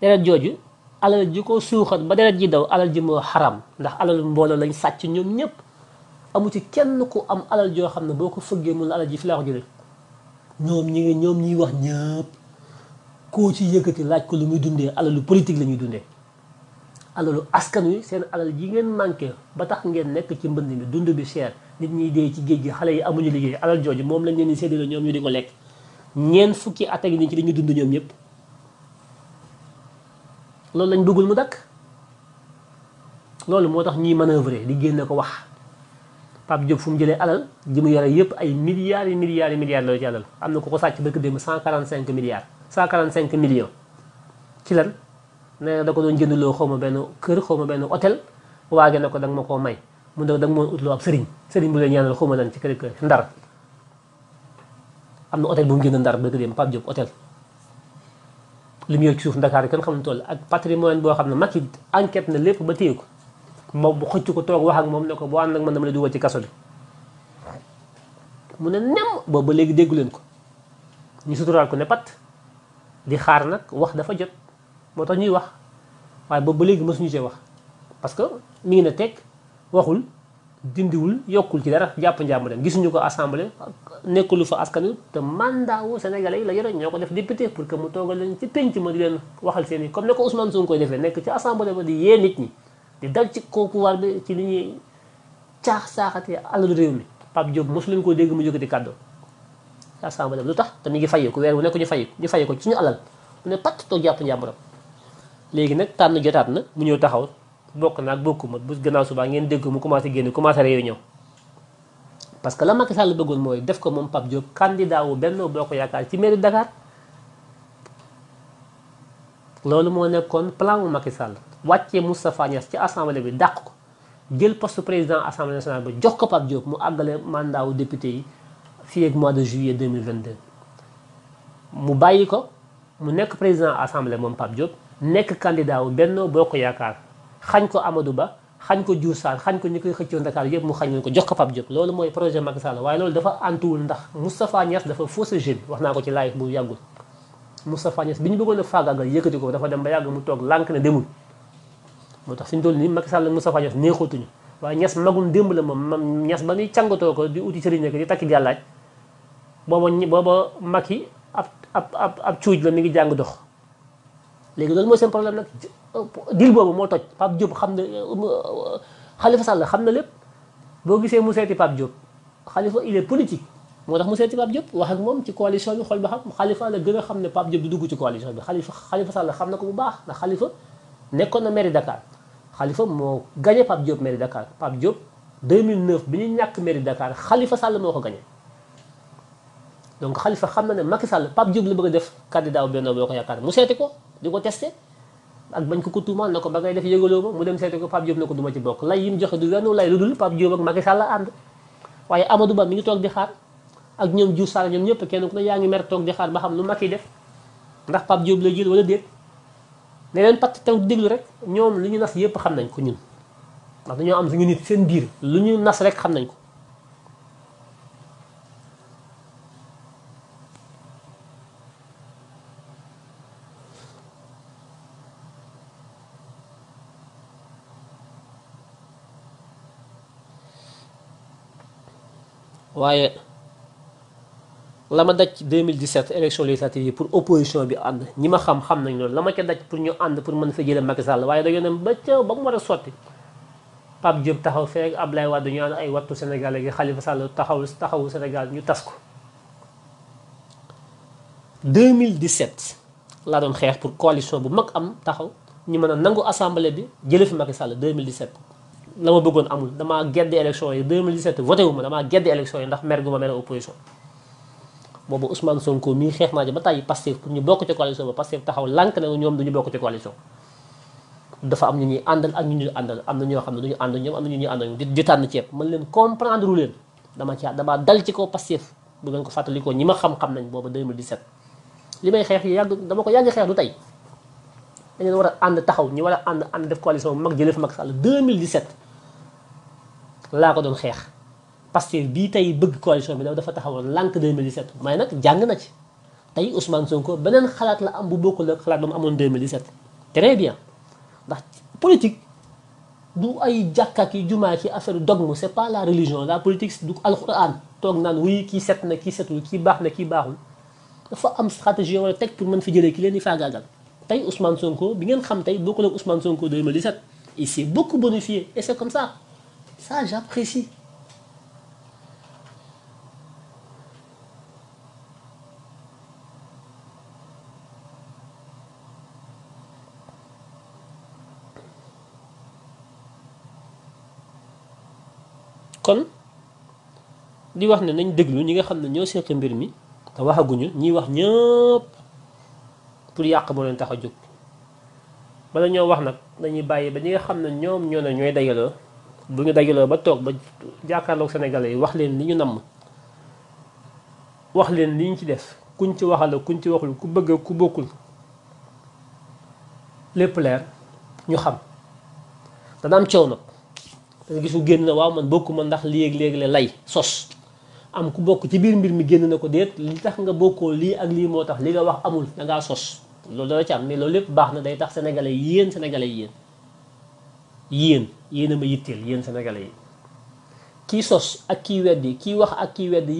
deret jooju alal ji ko suuxat ba deret ji daw alal ji moo xaram ndax alal mbooloo lañ sàcc ñoom ñëpp amu ci kenn ku am alal joo xam ne boo ko fëggee mun alal ji fi laa ko jëlee ñoom ñi ngi ñoom ñiy wax ñëpp koo ci yëkkati laaj ko lu muy dundee alalu politique la ñuy dundee alalu askan wi seen alal ji ngeen manqué ba tax ngeen nekk ci mbënd mi dund bi cher nit ñiy dee ci géej gi xale yi amuñu liggéey alal jooju moom lañ leen di séddale ñoom ñu di ko lekk ñeent fukki ni ci dañuy dund ñoom ñëpp loolu lañ bëggul mu dakk loolu moo tax ñuy manœuvrer di génne ko wax Pape Diop fu mu jëlee alal ji mu yore yëpp ay milliards yi milliards yi milliards la ci alal am na ko ko sàcc bëkk démb cent quarante cinq milliards cent quarante cinq millions ci lan nee na da ko doon jëndloo xaw ma benn kër xaw ma benn hôtel waage na ko da ma koo may mu ndaw dag mo utlo utloo ab serigne sëriñ bu le ñaanal xuma lan ci kër kër ndar amna na hôtel bu mu génn ndar bëgg dem pap jop hôtel li mu ci suuf dakar kan xam ne ak patrimoine bo xamna makki enquête na lepp ba téye mo bu xëcc ko tok wax ak mom ne ko boo ànd ak man dama lay dugal ci kasso mu ne nem bo ba léegi déggu len ko ñu sutural ko ne pat di xaar nak wax dafa jot moo tax ñuy wax waye bo ba mësu ñu ci wax parce que mi ngi na tek waxul dindiwul yokul ci dara japp njàmb dem gisunu ko assemblée nekkulu fa askanu te mandat wu sénégalais la yoro ñoko def député pour que mu togal leen ci penc ma di leen waxal seen comme ne ko Ousmane Sonko koy nek ci assemblée ba di yee nit ñi di dal ci kaw pouvoir bi ci li ñi tax saxati alalu rew mi pap job mosu leen ko dégg mu cadeau ci assemblée lutax te ñi fayé ko wu nekku ñu fayé ñu fayé ko ci ñu alal ne pat to japp jàpp dem léegi nak tan jotat na mu ñëw taxaw bokk naag bokkuma bu gannaaw subaa ngeen dégg mu commencé génn commencé réunion parce que la Macky Sall bëggoon mooy def ko moom Pape Diop candidat wu Benno Bokk Yaakaar ci mairie Dakar moo nekkoon plan wu Macky wàccee Moustapha Niass ci assemblée bi dàq ko jël poste président assemblée nationale ba jox ko Pape Diop mu àggale mandat wu yi fii ak de juillet 2022. mu bàyyi ko mu nekk président assemblée moom Pape Diop nekk candidat wu Benno Bokk Yaakaar. xañ ko Amadou Ba xañ ko Diouf Sarr xañ ko ñi koy xëccoo Dakar yëpp mu xañ leen ko jox ko Pape Diop loolu mooy projet Macky Sall waaye loolu dafa antuwul ndax Moustapha Niass dafa fausse jeune wax naa ko ci live bu yàggul Moustapha Niass bi ñu bëggoon a faagaagal yëkkati ko dafa dem ba yàgg mu toog lànk ne demul moo tax fi ñu toll nii Macky Sall ak Moustapha Niass neexootuñu waaye Niass magum démb la moom Niass ba muy càngatoo ko di uti sëriñ ak di takki gàllaaj booba booba Macky ab ab ab ab cuuj la mi ngi jàng dox léegi loolu mooy seen problème nag dil bobu mo toj pap job xamna Khalifa Sall xamna lépp bo gisé mu seeti Pape Diop Khalifa il est politique motax tax mu seeti Pape Diop wax ak mom ci coalition bi xol ba xam Khalifa la gën xamne pap job du dugg ci coalition bi Khalifa Khalifa Sall xamna ko bu baax na Khalifa nekkon na mairie Dakar Khalifa mo gagné Pape Diop mairie Dakar pap job 2009 biñu ñak ñàkk mairie Dakar Khalifa Sall moko gagné donc Khalifa xamna ne Macky Sall Pape Diop la bëgg def candidat wu Benno boko yakkar mu seeti ko diko tester ak bañ ko ko tuumaal na ba ngay def yëgaloo mo mu dem seete ko Pape Diop na ci bok lay yim joxe du wenn lay lu dul Pape Diop ak Macky Sall and waye Amadou Ba mi ngi tok di xaar ak ñom Diouf Sarr ñom ñëpp kenn ko yaangi mer tok di xaar ba xam lu Macky def ndax Pape Diop lay jël wala deet ne len pat taw deglu rek ñom lu ñu nas yëpp xam nañ ko ñun ndax dañu am suñu nit seen biir lu ñu nas rek xam nañ ko waaye la ma daj ci 2017 élection législative yi pour opposition bi ànd ñi ma xam xam nañ loolu la ma ca daj pour ñu ànd pour mën fa jëlee Macky Sall waaye dañoo dem ba ca ba mu war a sotti Pape Diop taxaw fee Ablaye Wade ñu naan ay wattu Sénégal gi Khalifa Sall taxaw taxawu Sénégal ñu tas ko. 2017 laa doon xeex pour coalition bu mag am taxaw ñu mën a nangu assemblée bi jëlee fi Macky Sall 2017. la ma bëggoon amul damaa geddi élection yi 2017 voté wu ma damaa geddi élection yi ndax mer gu ma mel opposition boobu Ousmane Sonko mii xeex naa ji ba tàyyi Pastef pour ñu bokk ci coalition ba Pastef taxaw lànk na ñoom duñu bokk ci coalition dafa am ñu ñuy àndal ak ñu ñu àndal am na ñoo xam ne duñu ànd ñoom am na ñu ñuy àndal di di tànn ceeb man leen comprendre wu leen dama ci damaa dal ci kaw Pastef bu ngeen ko fàttalikoo ñi ma xam-xam nañ boobu 2017 li may xeex yi yàgg dama ko yàgg xeex du tey da war a ànd taxaw ñu war a ànd ànd def coalition mag jëlee fa Sall 2017 laa ko doon xeex Pastef bii tey bëgg coalition bi dafa taxawoon lànk 2017 may nag jàng na ci tey Ousmane Sonko beneen xalaat la am bu bokkul ak xalaat ba amoon 2017. très bien ndax politique du ay jàkka ki jumaa ki affaire dogme c' est pas la religion la politique du alxuraan toog naan wuy kii set na kii setul kii baax na kii baaxul dafa am stratégie yoo war a teg pour mën fi jëlee ki leen di faagaagal. tay Ousmane Sonko bi ngeen xam tay bokkul ak Ousmane Sonko 2017 il s'est beaucoup bonifié et c'est comme ça ça j'apprécie kon di wax ne nañ déglu ñi nga xam ne ñoo seq mbir mi te waxaguñu ñi wax ñëpp pour yàq moo leen tax a jóg bala ñoo wax nag dañuy bàyyi ba ñi nga xam ne ñoom ñoo ne ñooy dajaloo bu ñu dajaloo ba toog ba jàkkaarloog sénégalais yi wax leen li ñu namm wax leen li ñu ci def kuñ ci waxal kuñ ci waxul ku bëgg ku bokkul lépp leer ñu xam dana am coow nag te gisu génn waaw man bokku ma ndax léeg-léeg la lay sos am ku bok ci bir mbir mi genn nako deet li tax nga boko li ak li motax li nga wax amul da nga sos lolou dana ci am mais lolou lepp baax na day tax sénégalais yeen sénégalais yeen yeen yeen ma yittel yeen sénégalais yi sos ak Ki weddi ki wax ak ki weddi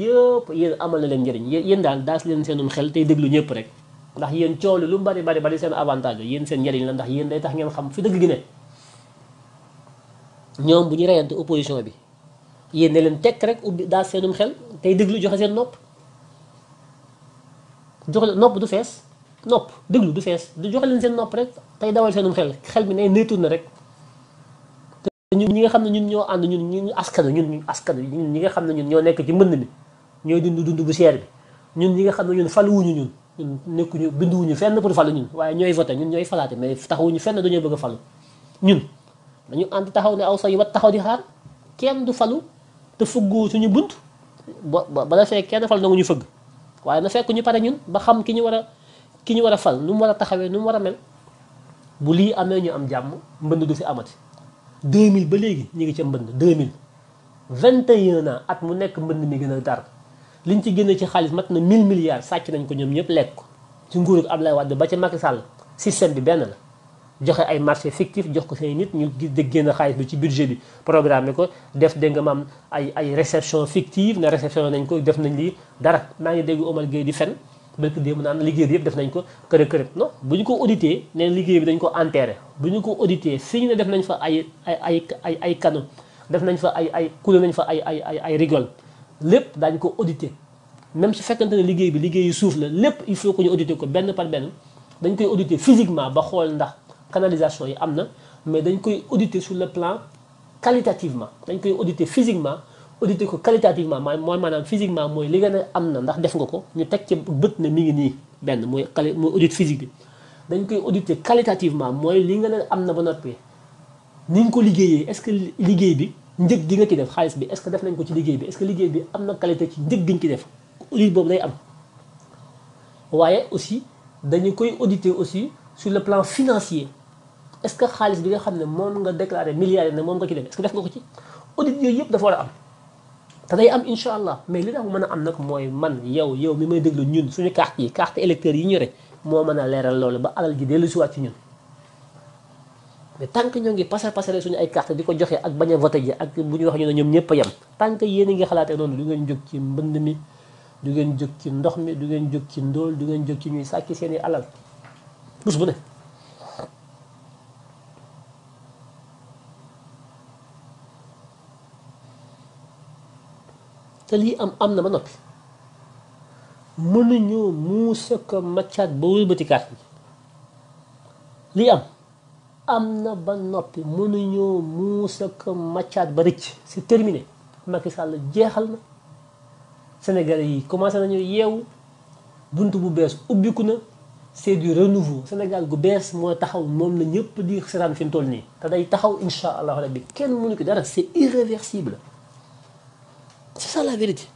yeen amal na leen njëriñ yéen daal daas len senum xel tay deglu ñepp rek ndax yeen coow lu bari bari bari sen avantage yeen sen jeriñ la ndax yeen day tax ngeen xam fi deug gi ne ñom bu reyante opposition bi yéen leen tekk rek ubbi daal seenum xel tey déglu joxe seen nopp joxe nopp du fees nopp déglu du fees joxe leen seen nopp rek tey dawal seenum xel xel bi ne nay na rek te ñun ñi nga xam ne ñun ñoo ànd ñun ñu askanu ñun askanu ñun ñi nga xam ne ñoo nekk ci mbënd mi ñooy dund dund bu seer bi ñun ñi nga xam ne ñun faluwuñu ñun ñun nekkuñu wuñu fenn pour falu ñun waaye ñooy voté ñun ñooy falaate mais taxawuñu fenn dañoo bëgg a falu ñun dañu ànd taxaw ne aw sax yi wat taxaw di xaar kenn du falu te fëggoo suñu bunt ba bala fekk kenn fal nangu ñu fëgg waaye na fekk ñu pare ñun ba xam ki ñu war a ki ñu war a fal nu mu war a taxawee nu mu war a mel bu lii amee ñu am jàmm mbënd du fi amati 2000 ba léegi ñu ngi ca mbënd 2000 21 ans ak mu nekk mbënd mi gën a tar liñ ci génne ci xaalis mat na 1000 milliards sàcc nañ ko ñoom ñëpp lekk ko ci am Abdoulaye Wade ba ca Macky Sall système bi benn la joxe ay marché fictif jox ko seen nit ñu gis de génn xaalis bi ci budget bi programme ko def dégg nga maam ay ay réception fictive na réception nañ ko def nañ lii dara naa ngi dégg Omar Gueye di fen barki démb naan liggéey bi yëpp def nañ ko kërë kërë non bu ñu ko audité ne liggéey bi dañ ko enterré bu ñu ko audité si ñu ne def nañ fa ay ay ay ay ay canaux def nañ fa ay ay coulé nañ fa ay ay ay ay rigole lépp daañu ko audité même su fekkante ne liggéey bi liggéeyu suuf la lépp il faut que ñu audité ko benn par benn dañ koy audité physiquement ba xool ndax canalisation yi amna mais dañ koy auditer sur le plan qualitativement dañ koy auditer physiquement auditer ko qualitativement moy mooy physiquement moy li nga ne am ndax def nga ko ñu tek ci beut ne mi ngi ni ben moy quali audit physique bi dañ koy auditer qualitativement moy li nga ne am na ba noppi ni nga ko liggéeyee est-ce que liggéey bi njëg gi nga ci def xaalis bi est-ce que def nañ ko ci liggéey bi est-ce que liggéey bi amna qualité ci njëg gi ñu ci def audit bobu day am waye aussi dañ koy auditer aussi sur le plan financier est-ce que xaalis bi nga xam ne moom nga déclaré milliards ne moom nga ci def est nga ko ci audit yooyu yëpp dafa war a am te day am incha allah mais li tax mën a am nag mooy man yow yow mi may déglu ñun suñu carte yi carte électeurs yi ñu rek moo mën a leeral loolu ba alal ji dellu siwaat ci ñun tanq tant ñoo ngi pasar pasare suñu ay carte di ko joxe ak bañ a voté ji ak bu ñu wax ñu ne ñoom ñëpp a yem tant que ngi xalaatee noonu du ngeen jóg ci mbënd mi du ngeen jóg ci ndox mi du ngeen jóg ci ndóol du ngeen jóg ci ñuy sàcc seeni alal bés bu te lii am am na ba noppi mënuñoo muusa ko maccaat ba wëlbatikaat bi lii am am na ba noppi mënuñoo muusa ko maccaat ba rëcc si terminé Macky Sall jeexal na Sénégalais yi commencé nañu yeewu bunt bu bees ubbiku na c'est du renouveau Sénégal gu bees moo taxaw moom la ñëpp di seetaan fi mu toll nii te day taxaw incha allah rabbi kenn mënu ko dara c'est irréversible c'est ça la vérité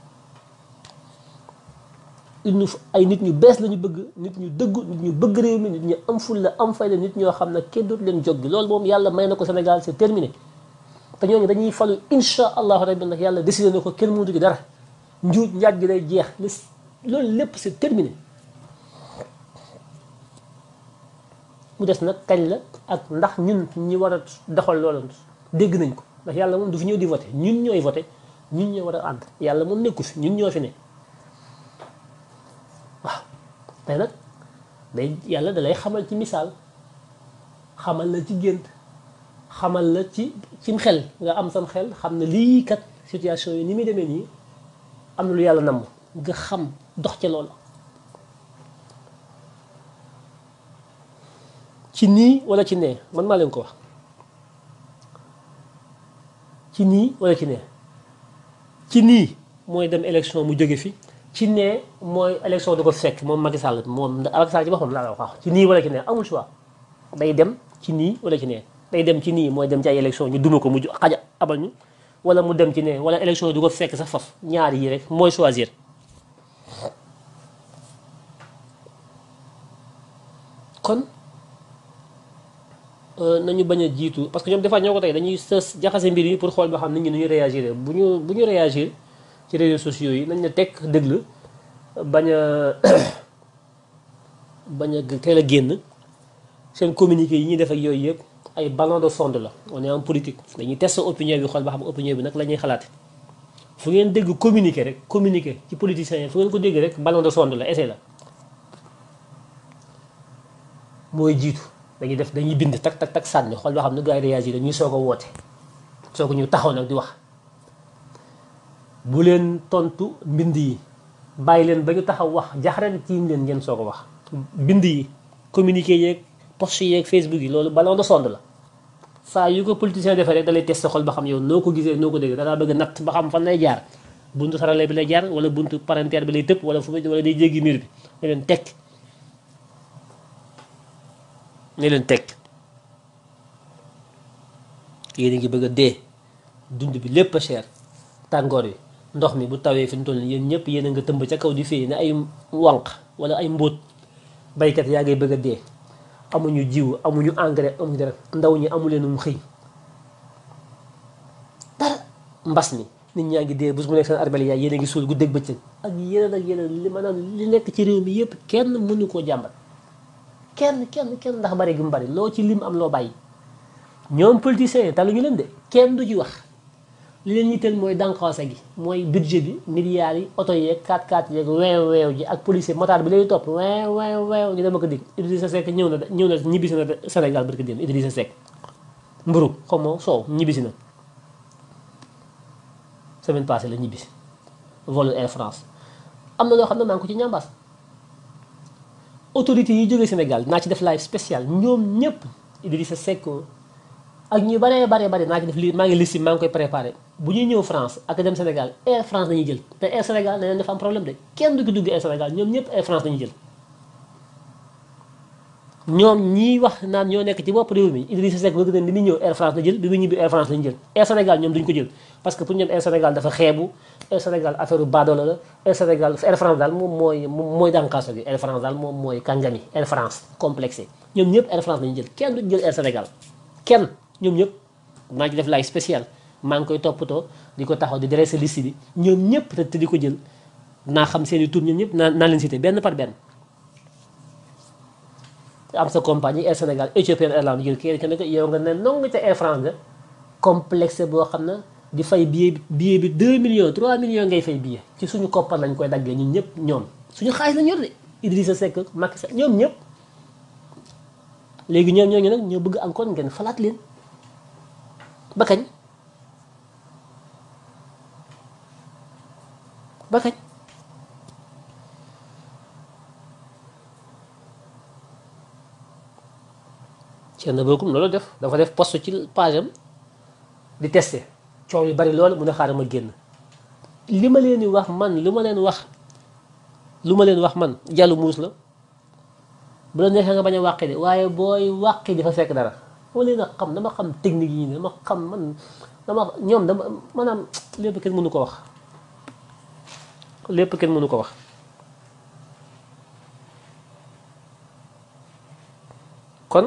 il ay nit ñu bees la ñu bëgg nit ñu dëggu nit ñu bëgg réew mi nit ñu am fulla am fayda nit ñoo xam ne kenn dootu leen jog gi loolu moom yàlla may na ko Sénégal c'est terminé te ñoo ñooñu dañuy falu insha allahu rabbi nag yàlla décidé ko kenn mënu ci dara njuuj njaaj jeex li loolu lépp c'est terminé mu des nag kañ la ak ndax ñun ñi war a doxal loolu dégg nañ ko ndax yàlla moom du fi ñëw di voté ñun ñooy voté ñun ñoo war a ànd yàlla mun nekku fi ñun ñoo fi ne waaw tey nag day yàlla dalay xamal ci misaal xamal la ci gént xamal la ci cim xel nga am sam xel xam ne lii kat situation yi ni muy demee nii am na yàlla namm nga dox ca loola ci nii wala ci nee man maa leen ko wax ci nii wala ci nee ci nii mooy dem élection mu jóge fi ci nee mooy élection du ko fekk moom Macky Sall moom Macky Sall ci boppam laa la wax ci nii wala ci nee amul choix day dem ci nii wala ci nee day dem ci nii mooy dem ci ay élection ñu duma ko mu xaja abal ñu wala mu dem ci nee wala élection du ko fekk sax faf ñaar yii rek mooy choisir kon Euh, nañu bañ a jiitu parce que ñoom des fois ñoo ko tey dañuy sës jaxase mbir yi pour xool ba xam nit ñi nu ñu réagir bu ñu bu ñu réagir ci réseaux sociaux yi nañ la tekk déglu bañ a bañ a teel a génn seen communiqué yi ñuy def ak yooyu yëpp ay ballon de sonde la on est en politique dañuy test opinion bi xool ba xam opinion bi nag la ñuy xalaate fu ngeen dégg communiqué rek communiqué ci politiciens yi fu ngeen ko dégg rek ballon de sonde la essai la mooy jiitu dañuy def dañuy bind tak tak tak sànni xool loo xam ne gars yi réagir dañuy soog a woote soog ñu taxaw nag di wax bu leen tontu mbind yi bàyyi leen ba ñu taxaw wax jaxaran tiim leen ngeen soo a wax bind yi communiqué yeeg post yeeg Facebook yi loolu ballon de sonde la saa yu ko politicien defee rek dalay testé xol ba xam yow noo ko gisee noo ko déggee danaa bëgg natt ba xam fan lay jaar buntu sarale bi lay jaar wala buntu parentère bi lay tëpp wala fu wala day jéggi mur bi nga leen ne leen teg yéen a ngi bëgg a dee dund bi lépp a tàngoor wi ndox mi bu tawee fi mu toll nii yéen ñëpp yéen a nga tëmb ca kaw di fii ne ay wanq wala ay mbóot baykat yaa ngay bëgg a dee amuñu jiw amuñu engrais amuñu dara ndaw ñi amu leen mu um xëy dara mbas mi nit ñaa ngi dee bés bu nekk seen arbel yaay yéen ngi suul guddeeg bëccëg ak yeneen ak yeneen li maanaam li nekk ci réew mi yëpp kenn nu koo jàmbat kenn kenn kenn ndax bari gi mu bari loo ci lim am loo bàyyi ñoom politiciens yi talu ñu leen de kenn du ci wax li leen yitteel mooy dànqoose gi mooy budget bi milliards yi oto yeeg 4x4 yeeg weew weew ji ak policier motard bi lay topp weew weew weew dama ko dig Idrissa ñëw na ñëw na ñibbisi na Sénégal barka démb Idrissa Seck mburu xaw ma soow ñibbisi na semaine passée la ñibbisi volu Air France am na loo xam ne maa ko ci ñambas autorités yi jógee Sénégal naa ci def live spécial ñoom ñëpp Idrissa Seck ak ñu baree baree bare naa ci def li maa ngi lissi maa ngi koy préparé bu ñuy ñëw France ak dem Sénégal Air France dañuy jël te Air Sénégal dañ leen dafa am problème de kenn du ko Air Sénégal ñoom ñëpp Air France dañuy jël ñom ñi wax naan ñoo nekk ci bopp réew mi Idrissa Seck bëgg na ni ñëw Air France la jël bi muy ñibbi Air France la jël Air Sénégal ñom duñ ko jël parce que pour ñom Air Sénégal dafa xébu Air Sénégal affaire bu baadoolo la Air Sénégal Air France dal mom moy moy dànkaaso gi Air France dal mom moy kangami Air France complexé ñom ñëpp Air France lañ jël kenn duñ jël Air Sénégal kenn ñom ñëpp ma ngi def laay spécial ma ngi koy toppatoo di ko taxaw di dresser liste bi ñom ñëpp te diko jël na xam seen tour ñom ñoom ñëpp naa leen cité ben par ben am sa compagnie Air Sénégal Ethiopian Airlines jël kenn ku nekk yow nga ne nongu ca Air France nga complexe boo xam ne di fay billet billet bi 2 millions 3 millions ngay fay billet ci suñu koppar lañ koy daggee ñun ñëpp ñoom suñu xaalis lañ yor de Idrissa Seck Macky Sall ñoom ñëpp léegi ñoom ñooñu nag ñoo bëgg encore ngeen falaat leen ba kañ Thierno Bocoum loolu def dafa def post ci page di testé coow yu bari loolu mun a xaaral ma génn li ma leen di wax man li ma leen wax lu ma leen wax man jàllu muus la bu la neexee nga bañ a wàqi de waaye booy wàqi dafa fekk dara ma leen a xam dama xam technique yi dama xam man dama ñoom dama maanaam lépp kenn mënu ko wax lépp kenn mënu ko wax kon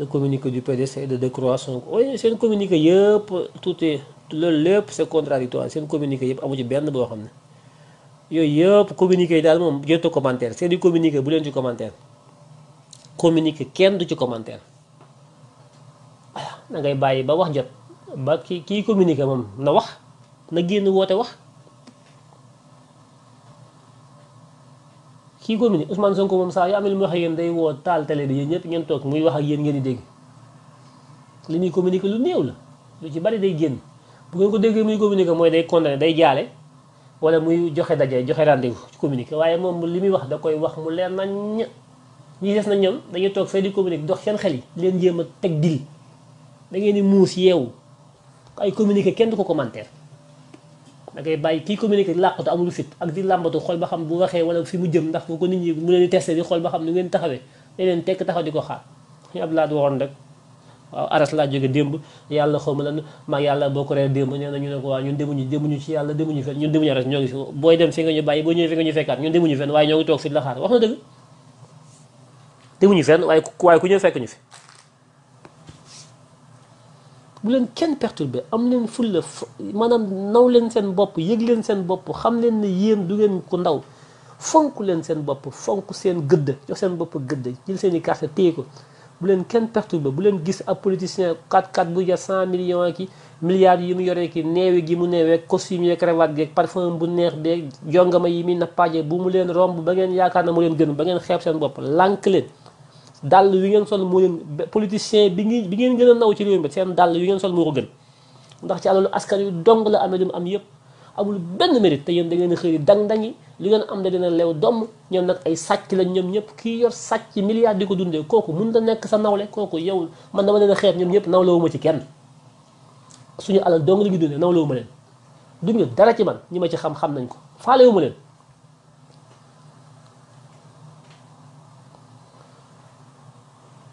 le communiqué du PDC de décroître Sonko oui seen communiqué yëpp tout est loolu lépp c'est contradictoire seen communiqué yëpp amu ci benn boo xam ne yooyu yëpp communiqué yi daal moom jot a commentaire seen i communiqué bu leen ci commentaire communiqué kenn du ci commentaire voilà da ngay bàyyi ba wax jot ba ki kii communiqué moom na wax na génn woote wax kii commune Ousmane ko moom saa yu amee lu muy wax ak yéen day woo taal télé bi yéen ñëpp ngeen toog muy wax ak yéen ngeen di dégg li muy communiqué lu néew la lu ci bari day génn bu ngeen ko déggee muy communiqué mooy day condamné day jaale wala muy joxe daje joxe rendez-vous communiqué waaye moom li muy wax da koy wax mu leen nañ ñi des na ñoom dañuy toog fee di communiqué dox seen xel yi leen jéem a teg dil da ngeen di muus yeewu ay communiqué kenn du ko commentaire da ngay bàyyi kii communiqué di làqatu amul fit ak di làmbatu xool ba xam bu waxee wala fi mu jëm ndax bu ko nit ñi mu leen di testé di xool ba xam nu ngeen taxawee day leen tekk taxaw di ko xaar ñu ab laat waxoon xaw ma lan maag yàlla boo ko ree ñu ne ko waaw ñun demuñu demuñu ci yàlla demuñu fenn ñun demuñu aras ñoo ngi fi booy dem fi nga ñu bàyyi ñu fenn waaye ñoo ngi toog fi la xaar wax na dëgg demuñu fenn waaye waaye ku ñëw fekk ñu fi bu leen kenn perturbé am leen fulla maanaam naw leen seen bopp yëg leen seen bopp xam leen ne yéen du ngeen ku ndaw fonk leen seen bopp fonk seen gëdd jox seen bopp gëdd jël seen i carte téye ko bu leen kenn perturbé bu leen gis ab politicien 4-4 bu jar 100 millions ki milliards yi mu yoree ki neewi gi mu neewee costume yeeg cravate geeg parfum bu neex beeg jongama yi muy nappaaje bu mu leen romb ba ngeen yaakaar na mu leen gën ba ngeen xeeb seen bopp lànk leen dàll yu ngeen sol moo leen politicien bi ngi bi ngeen gën a naw ci réew mi seen dàll yu ngeen sol moo ko gën ndax ci alalu askan yu dong la amee li mu am yëpp amul benn mérite te yéen da ngeen xëy dang-dangi li ngeen am da dina lew dom ñoom nag ay sàcc lañ ñoom ñëpp kii yor sàcc milliards di ko dundee kooku mun da nekk sa nawle kooku yow man dama leen a xeeb ñoom ñëpp nawlewuma ci kenn suñu alal dong la ñu dundee nawlewuma leen duñu dara ci man ñi ma ci xam-xam nañ ko faalewuma leen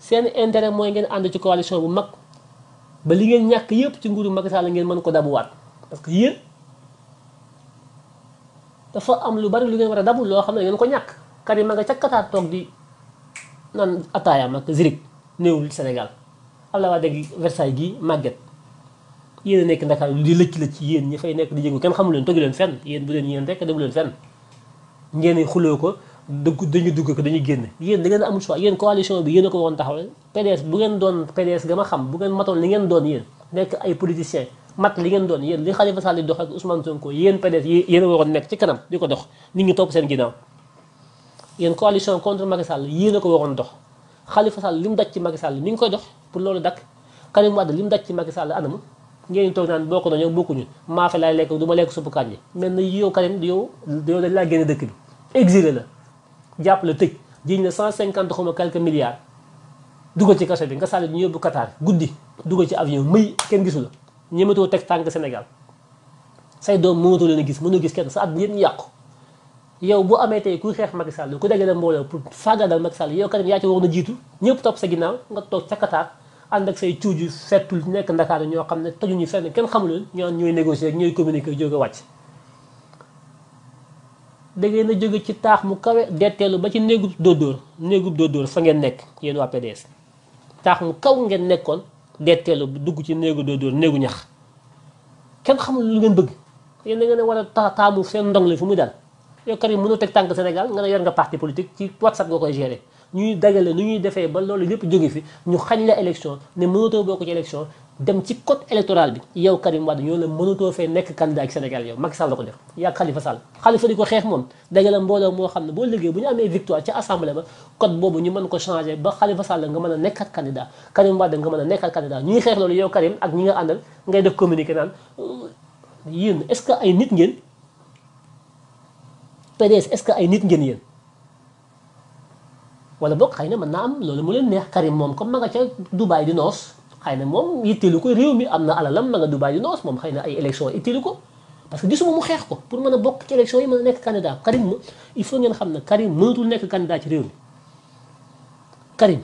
seen intérêt mooy ngeen ànd ci coalition bu mag ba li ngeen ñàkk yépp ci nguuru Macky la ngeen mën ko dabuwaat parce que yéen dafa am lu bari lu ngeen war a dabu loo xam ne ngeen ko ñàkk Karim ma nga ca Qatar toog di naan ataayam ak Zurich néewul Sénégal Abdoulaye Wade gi Versailles gi màgget yéen a nekk Ndakaaru lu di lëcc lëcc yéen ñi fay nekk di jëngu kenn xamu leen togi leen fen yéen bu leen yéen rek demu leen fenn ngeen xuloo ko dugg dañu dugg ko dañu génn yéen da ngeen amul choix yéen coalition bi yéen a ko woon taxawal PDS bu ngeen doon PDS ga ma xam bu ngeen matoon li ngeen doon yéen nekk ay politiciens mat li ngeen doon yéen li Khalifa Sall di dox ak Ousmane Sonko yéen PDS yéen a waroon nekk ci kanam di ko dox nit ñi topp seen ginnaaw yéen coalition contre Macky Sall yéen a ko waroon dox Khalifa Sall li mu daj ci Macky sàll mi ngi koy dox pour loolu dakk Karim Wade li mu daj ci Macky Sall anamu ngeen toog naan bokk nañu bokkuñu maafe laay lekk du ma lekk suppu kànja mel na yow Karim yow la jàpp la tëj jiñ la 150 xaw ma quelques milliards dugal ci kaso bi nga sàll ñu yóbbu Qatar guddi dugal ci avion mëy kenn gisu la ñematoo teg tànk Sénégal say doom mënatoo leen a gis mënoo gis kenn sa at bi ñu yàqu yow bu amee tey kuy xeex Macky Sall ku dajale mbooloo pour faagaadal Macky Sall yow kat yaa ci waroon a jiitu ñëpp topp sa ginnaaw nga toog ca Qatar ànd ak say cuuj yu fettul nekk Ndakaaru ñoo xam ne ñu fenn kenn xamuloon ñoo ñooy négocier ak ñooy communiquer jóge wàcc da ngeen a jóge ci taax mu kawee detteelu ba ci néegub dóodóor néegub dóodóor fa ngeen nekk yéen waa PDS taax mu kaw ngeen nekkoon detteelu dugg ci néegu dóodóor néegu ñax kenn xamul lu ngeen bëgg yéen ngeen a war a taamu seen ndong li fu muy dal yow Karim mënoo teg tànk Sénégal nga ne yor nga parti politique ci WhatsApp nga koy gérer ñuy dagale nu ñuy defee ba loolu lépp jóge fi ñu xañ la élection ne mënatoo bokk ci élection dem ci code électoral bi yow Karim wad ñoo la mënatoo fe nek candidat ci Sénégal yow Macky Sall ko def ya Khalifa Sall Khalifa diko xex mom moom dajale mbooloo moo xam ne boo liggéey bu ñu amé victoire ci assemblée ba code bobu ñu mën ko changer ba Khalifa Sall nga mëna nek candidat Karim wad nga mëna nek candidat ñuy xex lolu yow Karim ak ñi nga àndal ngay def communiquer nan yéen est ce que ay nit ngeen PDS est ce que ay nit ngeen yéen wala bok xayna man na am lolu mu leen neex Karim mom comme ma nga ca dubai di nos xay na moom yitteelu ko réew mi am na alalam ma nga Dubaay yu noos moom xay na ay élection yitteelu ko parce que gisuma mu xeex ko pour mën a bokk ci élection yi mën a nekk candidat Karim il faut xam ne Karim mënatul nekk candidat ci réew mi Karim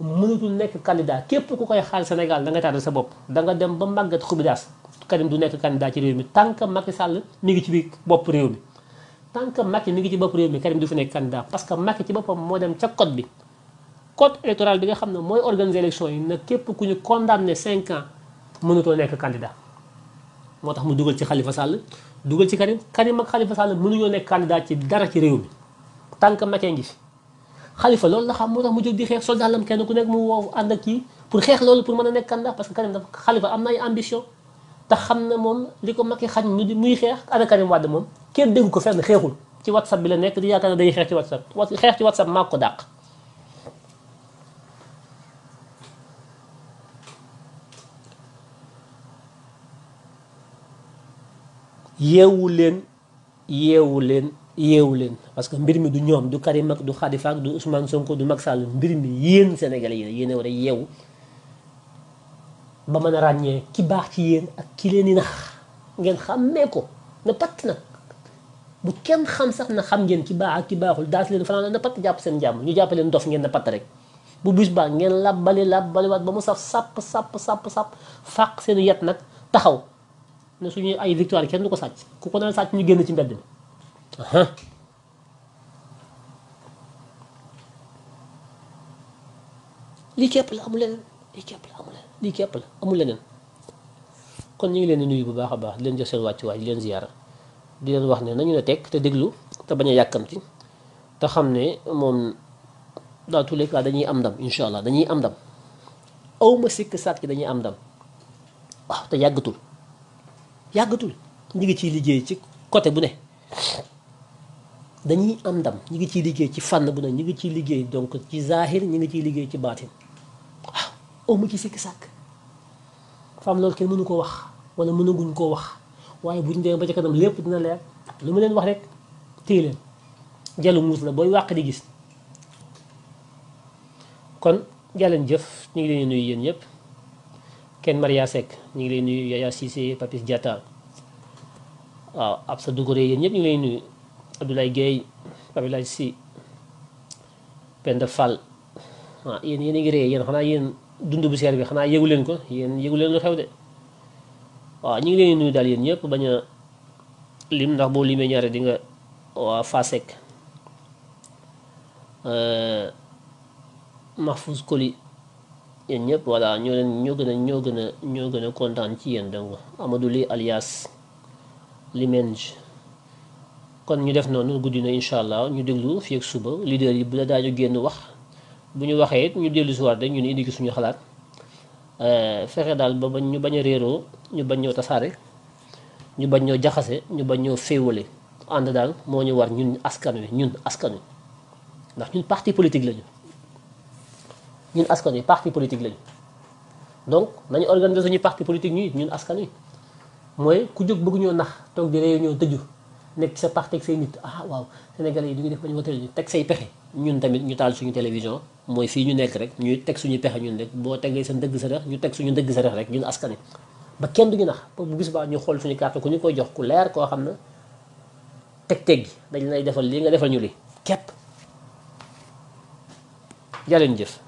mënatul nekk candidat képp ku koy xaal Sénégal da nga tardé sa bopp da nga dem ba màggat xubidaas Karim du nekk candidat ci réew mi tànk que sàll mu ngi ci biir bopp réew mi tant que Macky mi ngi ci bopp réew mi Karim du fi nekk candidat parce que Macky ci boppam moo dem ca code bi code électoral bi nga xamne moy organiser élection yi na képp ku ñu condamné 5 ans mënutoo nek candidat motax mu duggal ci Khalifa Sall duggal ci Karim Karim ak Khalifa Sall mënu mënuñoo nek candidat ci dara ci réew mi tànk maké ngi fi Khalifa lool la xam motax mu jóg di xex soldat lam kenn ku nek mu woo ànd ak kii pour xex lool pour mëna nek candidat parce que Karim dafa Khalifa amna ay ambition ta xamna mom liko maké ko Macky xañ mu muy xex ana Karim wad mom kenn déggu ko fenn xexul ci WhatsApp bi la nek di yaakaar day xex ci WhatsApp xex ci WhatsApp mako ko yewulen yewulen yewulen leen yeewu leen parce que mbir mi du ñom du Karim ak du Khalifa ak du usman Sonko du mak Sall mbir mi yéen Sénégalais yeen yeen wara a ba mëna ragné ki baax ci yeen ak ki leen di nax ngeen xamé ko na pat nak bu kenn xam sax na xam ngeen ki baax ak ki baaxul daas leen fana na pat japp seen jamm ñu jàpp ndof ngeen na pat rek bu bis ba ngeen labbali wat ba mu sap sap sap sap seen nak taxaw ne suñu ay victoire kenn du ko sàcc ku ko daan sàcc ñu génn ci mbedd mi lii képp la amul leneen lii képp la amul leneen lii la amul kon ñu ngi leen nuyu bu baax baax leen jox seen wàccuwaay leen ziyaara di leen wax ne nañu ne teg te déglu te bañ a yàkkamti te xam ne moom dans tous les cas dañuy am ndam incha allah dañuy am ndam awma sikk sàkk dañuy am ndam waaw te yàggatul yàggatul ñu ngi ciy liggéey ci côté bu ne dañuy am ndam ñu ngi ciy liggéey ci fànn bu ne ñu ngi ciy liggéey donc ci zahir ñu ngi ciy liggéey ci baatin waaw ah, amu ci sikki sàkk fam loolu kenn mënu ko wax wala mënaguñ koo wax waaye bu ñu demee ba ca lépp dina leer lu ma leen wax rek téye leen jalu muus la booy wàq di gis kon jàlleen jëf ñu ngi leen nuyu yéen ñëpp kenn Maria Seck ñu ngi leen nuyu Yaya Cissé Papis Diatta waaw ah, ab sa dugure yéen ñëpp ñu ngi lay nuyu Abdoulaye Guèye Abdoulaye Sy Penda Fall waaw ah, yéen yéen ngi ree yéen xanaa yéen dund bu seer bi xanaa yëgu leen ko yéen yëgu leen lu xew de waaw ah, ñu ngi leen nuyu daal yéen ñëpp bañ a lim ndax boo limee ñaare di nga waa Fasek eh, Mahfouz Koli yéen ñëpp voilà ñoo ñoo gën a ñoo gën a ñoo gën a kontaan ci yéen donc Amadou Ly alias Limenge kon ñu def noonu guddi na incha allah ñu déglu fi ak suba leader yi bu la daaju génn wax bu ñu waxee ñu dellu si waat rek ñu ne suñu xalaat euh, fexe daal ba bañ ñu bañ a réeroo ñu bañ ñoo tasaare ñu bañ ñoo jaxase ñu bañ ñoo féewale ànd daal moo ñu war ñun askan wi ñun askan wi ndax ñun parti politique lañu. ñun askan yi parti politique lañu donc nañu organiser suñu parti politique ñuy ñun askan wi mooy ku jóg bëgg ñoo nax toog di ñoo tëju nekk sa parti ak say nit ah waaw sénégalais yi du ñu def ba ñu teg say pexe ñun tamit ñu taal suñu télévision mooy fii ñu nekk rek ñuy teg suñu pexe ñun rek boo tegee seen dëgg sa rex ñu teg suñu dëgg sa rex rek ñun askan wi ba kenn du ñu nax bu gis baa ñu xool suñu carte ku ñu koy jox ku leer koo xam ne teg teg gi dañ lay defal lii nga defal ñu li képp jaa leen jëf